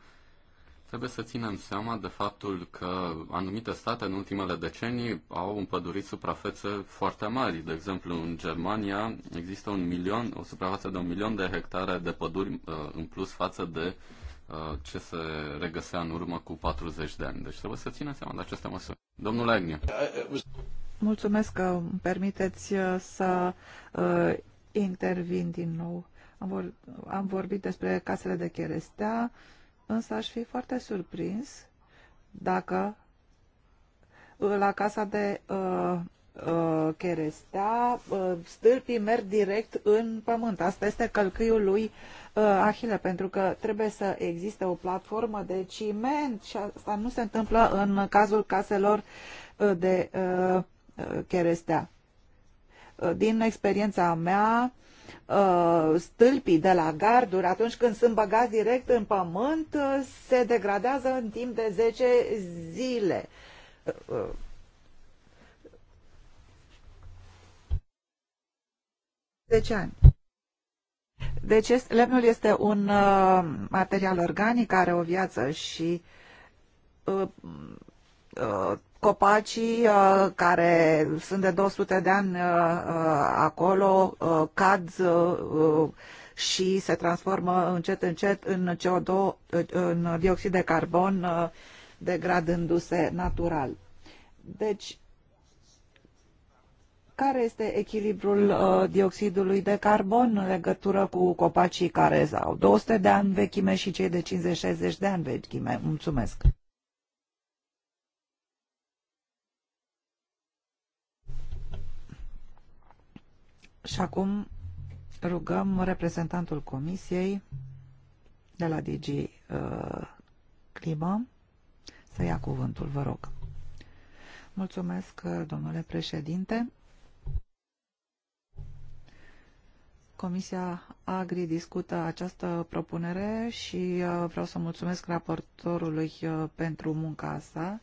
Speaker 2: Trebuie să ținem seama de faptul că anumite state în ultimele decenii au împădurit suprafețe foarte mari. De exemplu, în Germania există un milion, o suprafață de un milion de hectare de păduri uh, în plus față de uh, Uh, ce se regăsea în urmă cu 40 de ani. Deci trebuie să ținem seama de aceste măsuri. Domnule Agnew.
Speaker 3: Mulțumesc că îmi permiteți uh, să uh, intervin din nou. Am, vor, am vorbit despre casele de cherestea, însă aș fi foarte surprins dacă uh, la casa de uh, uh, cherestea uh, stâlpii merg direct în pământ. Asta este călcâiul lui Uh, Ahile, pentru că trebuie să existe o platformă de ciment și asta nu se întâmplă în cazul caselor uh, de uh, cherestea. Din experiența mea, stâlpii de la garduri, atunci când sunt băgați direct în pământ, se degradează în timp de 10 zile. Deci ani. Deci este, lemnul este un uh, material organic, are o viață și uh, uh, copacii uh, care sunt de 200 de ani uh, uh, acolo uh, cad uh, uh, și se transformă încet încet în CO2, uh, în dioxid de carbon degradându-se natural. Deci care este echilibrul uh, dioxidului de carbon în legătură cu copacii care au 200 de ani vechime și cei de 50-60 de ani vechime? Mulțumesc! Și acum rugăm reprezentantul Comisiei de la DG uh, Clima să ia cuvântul, vă rog. Mulțumesc, uh, domnule președinte. Comisia Agri discută această propunere și uh, vreau să mulțumesc raportorului uh, pentru munca sa.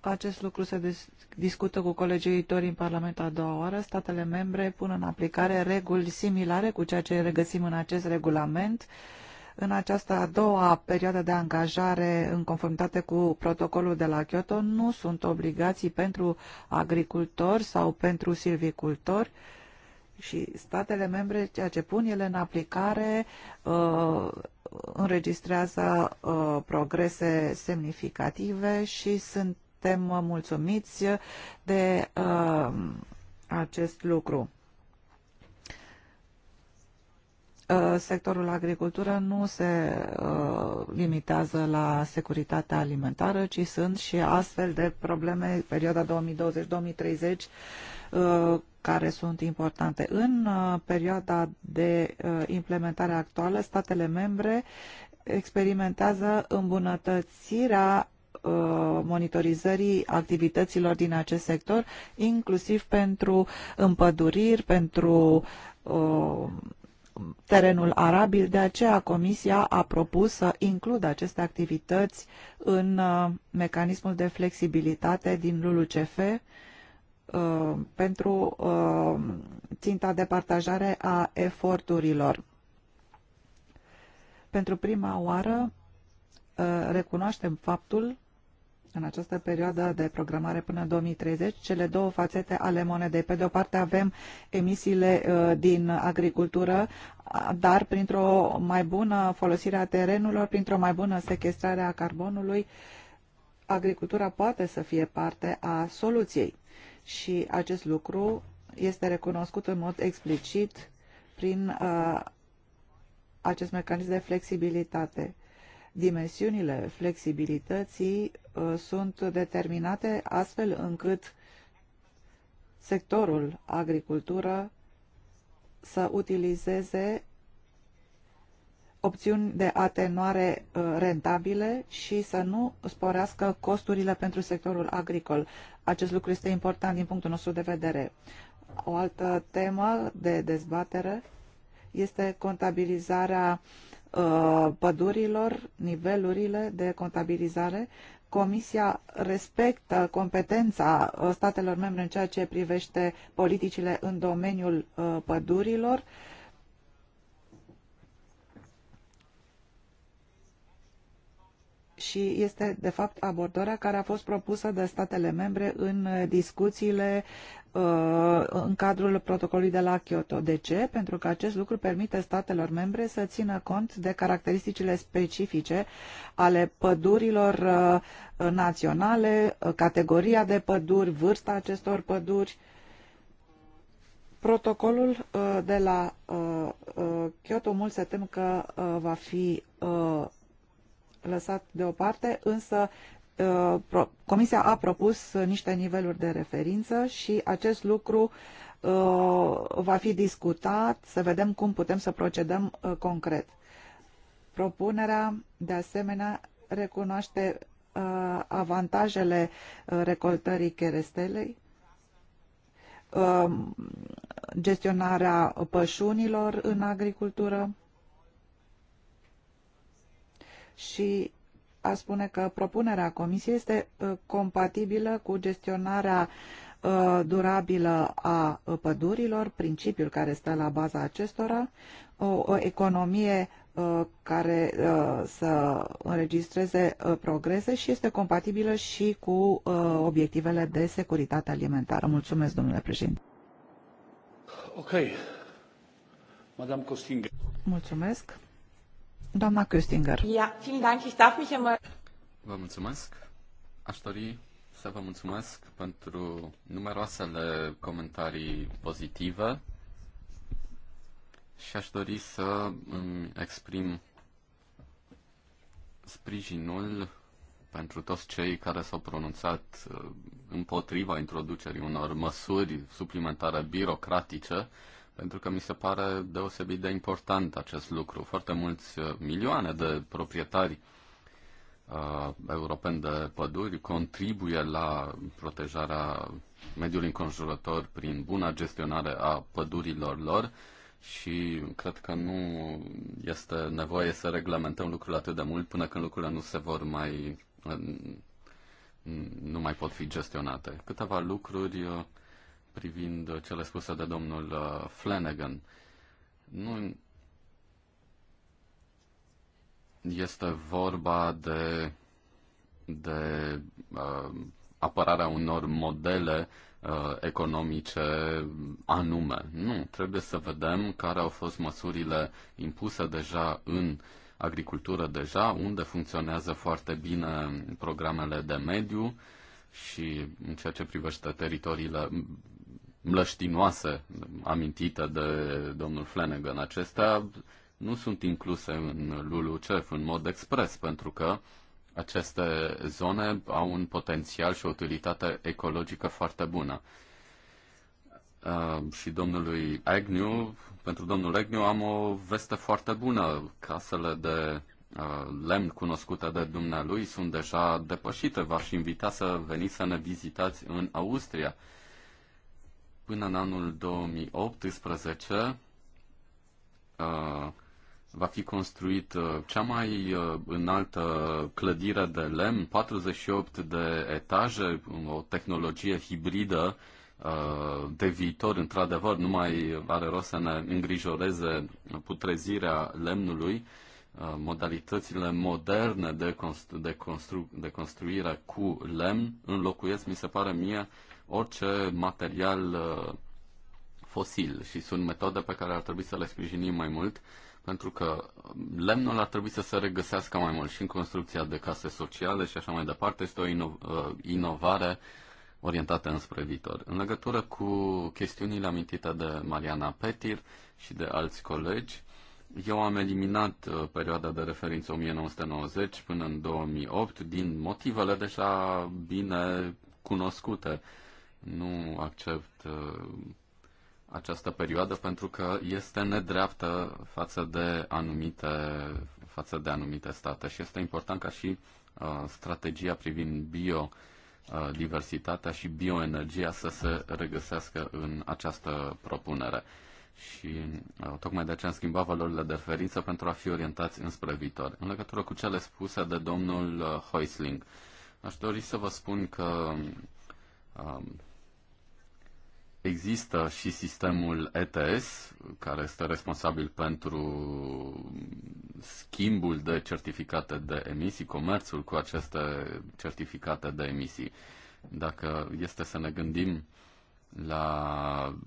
Speaker 3: Acest lucru se discută cu colegii colegiuitorii în Parlament a doua oară. Statele membre pun în aplicare reguli similare cu ceea ce regăsim în acest regulament. Uh, în această a doua perioadă de angajare în conformitate cu protocolul de la Kyoto nu sunt obligații pentru agricultori sau pentru silvicultori și statele membre, ceea ce pun ele în aplicare, uh, înregistrează uh, progrese semnificative și suntem mulțumiți de uh, acest lucru. Uh, sectorul agricultură nu se uh, limitează la securitatea alimentară, ci sunt și astfel de probleme, perioada 2020-2030, uh, care sunt importante. În perioada de implementare actuală, statele membre experimentează îmbunătățirea monitorizării activităților din acest sector, inclusiv pentru împăduriri, pentru terenul arabil, de aceea Comisia a propus să includă aceste activități în uh, mecanismul de flexibilitate din LULUCF uh, pentru uh, ținta de partajare a eforturilor. Pentru prima oară recunoaștem faptul în această perioadă de programare până în 2030 cele două fațete ale monedei. Pe de o parte avem emisiile uh, din agricultură, dar printr-o mai bună folosire a terenurilor, printr-o mai bună sequestrare a carbonului, agricultura poate să fie parte a soluției. Și acest lucru este recunoscut în mod explicit prin uh, acest mecanism de flexibilitate dimensiunile flexibilității uh, sunt determinate astfel încât sectorul agricultură să utilizeze opțiuni de atenuare uh, rentabile și să nu sporească costurile pentru sectorul agricol. Acest lucru este important din punctul nostru de vedere. O altă temă de dezbatere este contabilizarea Uh, pădurilor, nivelurile de contabilizare. Comisia respectă competența uh, statelor membre în ceea ce privește politicile în domeniul uh, pădurilor. și este, de fapt, abordarea care a fost propusă de statele membre în discuțiile Uh, în cadrul protocolului de la Kyoto. De ce? Pentru că acest lucru permite statelor membre să țină cont de caracteristicile specifice ale pădurilor uh, naționale, uh, categoria de păduri, vârsta acestor păduri. Protocolul de la Kyoto, mult se tem că va fi lăsat deoparte, însă Uh, Comisia a propus niște niveluri de referință și acest lucru uh, va fi discutat, să vedem cum putem să procedăm uh, concret. Propunerea, de asemenea, recunoaște avantajele recoltării cherestelei, gestionarea pășunilor în agricultură și a spune că propunerea Comisiei este uh, compatibilă cu gestionarea uh, durabilă a pădurilor, principiul care stă la baza acestora, o, o economie uh, care să înregistreze progrese și este compatibilă și cu obiectivele de securitate alimentară. Mulțumesc, domnule președinte.
Speaker 2: Ok. Madame Costinger.
Speaker 3: Mulțumesc. Doamna Köstinger.
Speaker 2: Vă mulțumesc. Aș dori să vă mulțumesc pentru numeroasele comentarii pozitive și aș dori să îmi exprim sprijinul pentru toți cei care s-au pronunțat uh, împotriva introducerii unor măsuri suplimentare birocratice pentru că mi se pare deosebit de important acest lucru. Foarte mulți uh, milioane de proprietari uh, europeni de păduri contribuie la protejarea mediului înconjurător prin buna gestionare a pădurilor lor și cred că nu este nevoie să reglementăm lucrurile atât de mult până când lucrurile nu se vor mai uh, nu mai pot fi gestionate. Câteva lucruri uh, privind cele spuse de domnul uh, Flanagan. Nu este vorba de, de uh, apărarea unor modele uh, economice anume. Nu, trebuie să vedem care au fost măsurile impuse deja în agricultură deja, unde funcționează foarte bine programele de mediu și în ceea ce privește teritoriile mlăștinoase amintită de domnul Flanagan. Acestea nu sunt incluse în LULUCF în mod expres, pentru că aceste zone au un potențial și o utilitate ecologică foarte bună. Uh, și domnului Agnew, pentru domnul Agnew am o veste foarte bună. Casele de uh, lemn cunoscute de dumnealui sunt deja depășite. V-aș invita să veniți să ne vizitați în Austria. Uh, Până în anul 2018 uh, va fi construit uh, cea mai uh, înaltă clădire de lemn, 48 de etaje, um, o tehnologie hibridă de viitor, într-adevăr, nu mai are rost să ne îngrijoreze putrezirea lemnului, modalitățile moderne de, constru- de, constru- de construire cu lemn înlocuiesc, mi se pare mie, orice material uh, fosil și sunt metode pe care ar trebui să le sprijinim mai mult pentru că lemnul ar trebui să se regăsească mai mult și în construcția de case sociale și așa mai departe. Este o ino- uh, inovare orientată înspre viitor. În legătură cu chestiunile amintite de Mariana Petir și de alți colegi, eu am eliminat uh, perioada de referință 1990 până în 2008 din motivele deja bine cunoscute nu accept uh, această perioadă pentru că este nedreaptă față de anumite, față de anumite state și este important ca și uh, strategia privind bio uh, diversitatea și bioenergia să se regăsească în această propunere. Și uh, tocmai de aceea am schimbat valorile de referință pentru a fi orientați înspre viitor. În legătură cu cele spuse de domnul uh, Heusling, aș dori să vă spun că Um, există și sistemul ETS, care este responsabil pentru schimbul de certificate de emisii, comerțul cu aceste certificate de emisii. Dacă este să ne gândim la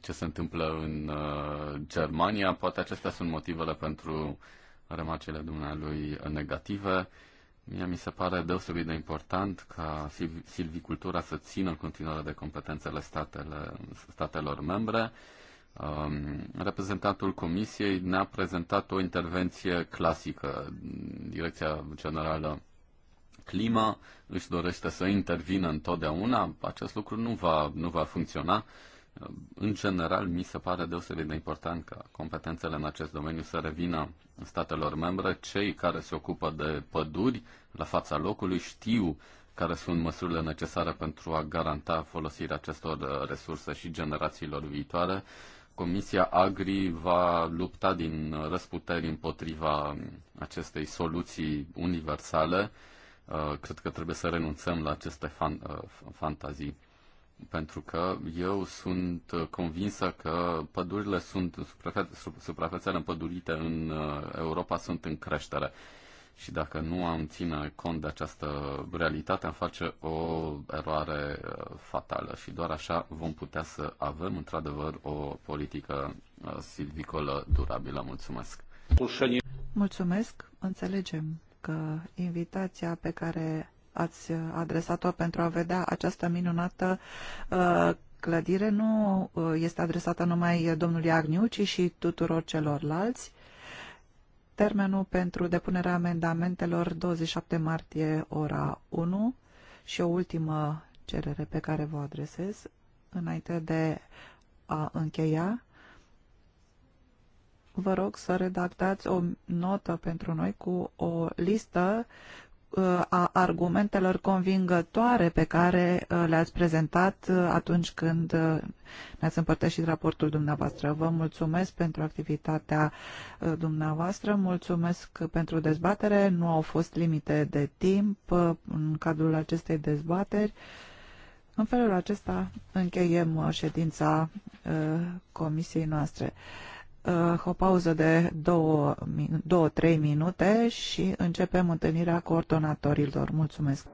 Speaker 2: ce se întâmplă în uh, Germania, poate acestea sunt motivele pentru remarcele dumnealui negative. Uh, Mie mi se pare deosebit de important ca silvicultura să țină în continuare de competențele statele, statelor membre. Um, reprezentantul Comisiei ne-a prezentat o intervenție clasică. Direcția Generală Clima își dorește să intervină întotdeauna. Acest lucru nu va, nu va funcționa. Uh, în general, mi se pare deosebit de important ca competențele în acest domeniu să revină statelor membre. Cei care se ocupă de păduri la fața locului știu care sunt măsurile necesare pentru a garanta folosirea acestor uh, resurse și generațiilor viitoare. Comisia Agri va lupta din răsputeri împotriva acestei soluții universale. Uh, cred că trebuie să renunțăm la aceste fan- uh, fantazii pentru că eu sunt convinsă că pădurile sunt, suprafețele împădurite în uh, Europa sunt în creștere. Și dacă nu am ține cont de această realitate, am face o eroare uh, fatală și doar așa vom putea să avem într-adevăr o politică uh, silvicolă durabilă. Mulțumesc!
Speaker 3: Mulțumesc! Înțelegem că invitația pe care ați uh, adresat-o pentru a vedea această minunată uh, clădire nu uh, este adresată numai domnului Agniu, ci și tuturor celorlalți. Termenul pentru depunerea amendamentelor 27 martie ora 1 și o ultimă cerere pe care vă adresez înainte de a încheia. Vă rog să redactați o notă pentru noi cu o listă Uh, a argumentelor convingătoare pe care uh, le-ați prezentat uh, atunci când ne-ați împărtășit raportul dumneavoastră. Vă mulțumesc pentru activitatea dumneavoastră, mulțumesc pentru dezbatere. Nu au fost limite de timp în cadrul acestei dezbateri. În felul acesta încheiem ședința comisiei noastre uh, o pauză de 2-3 minute și începem întâlnirea coordonatorilor. Mulțumesc!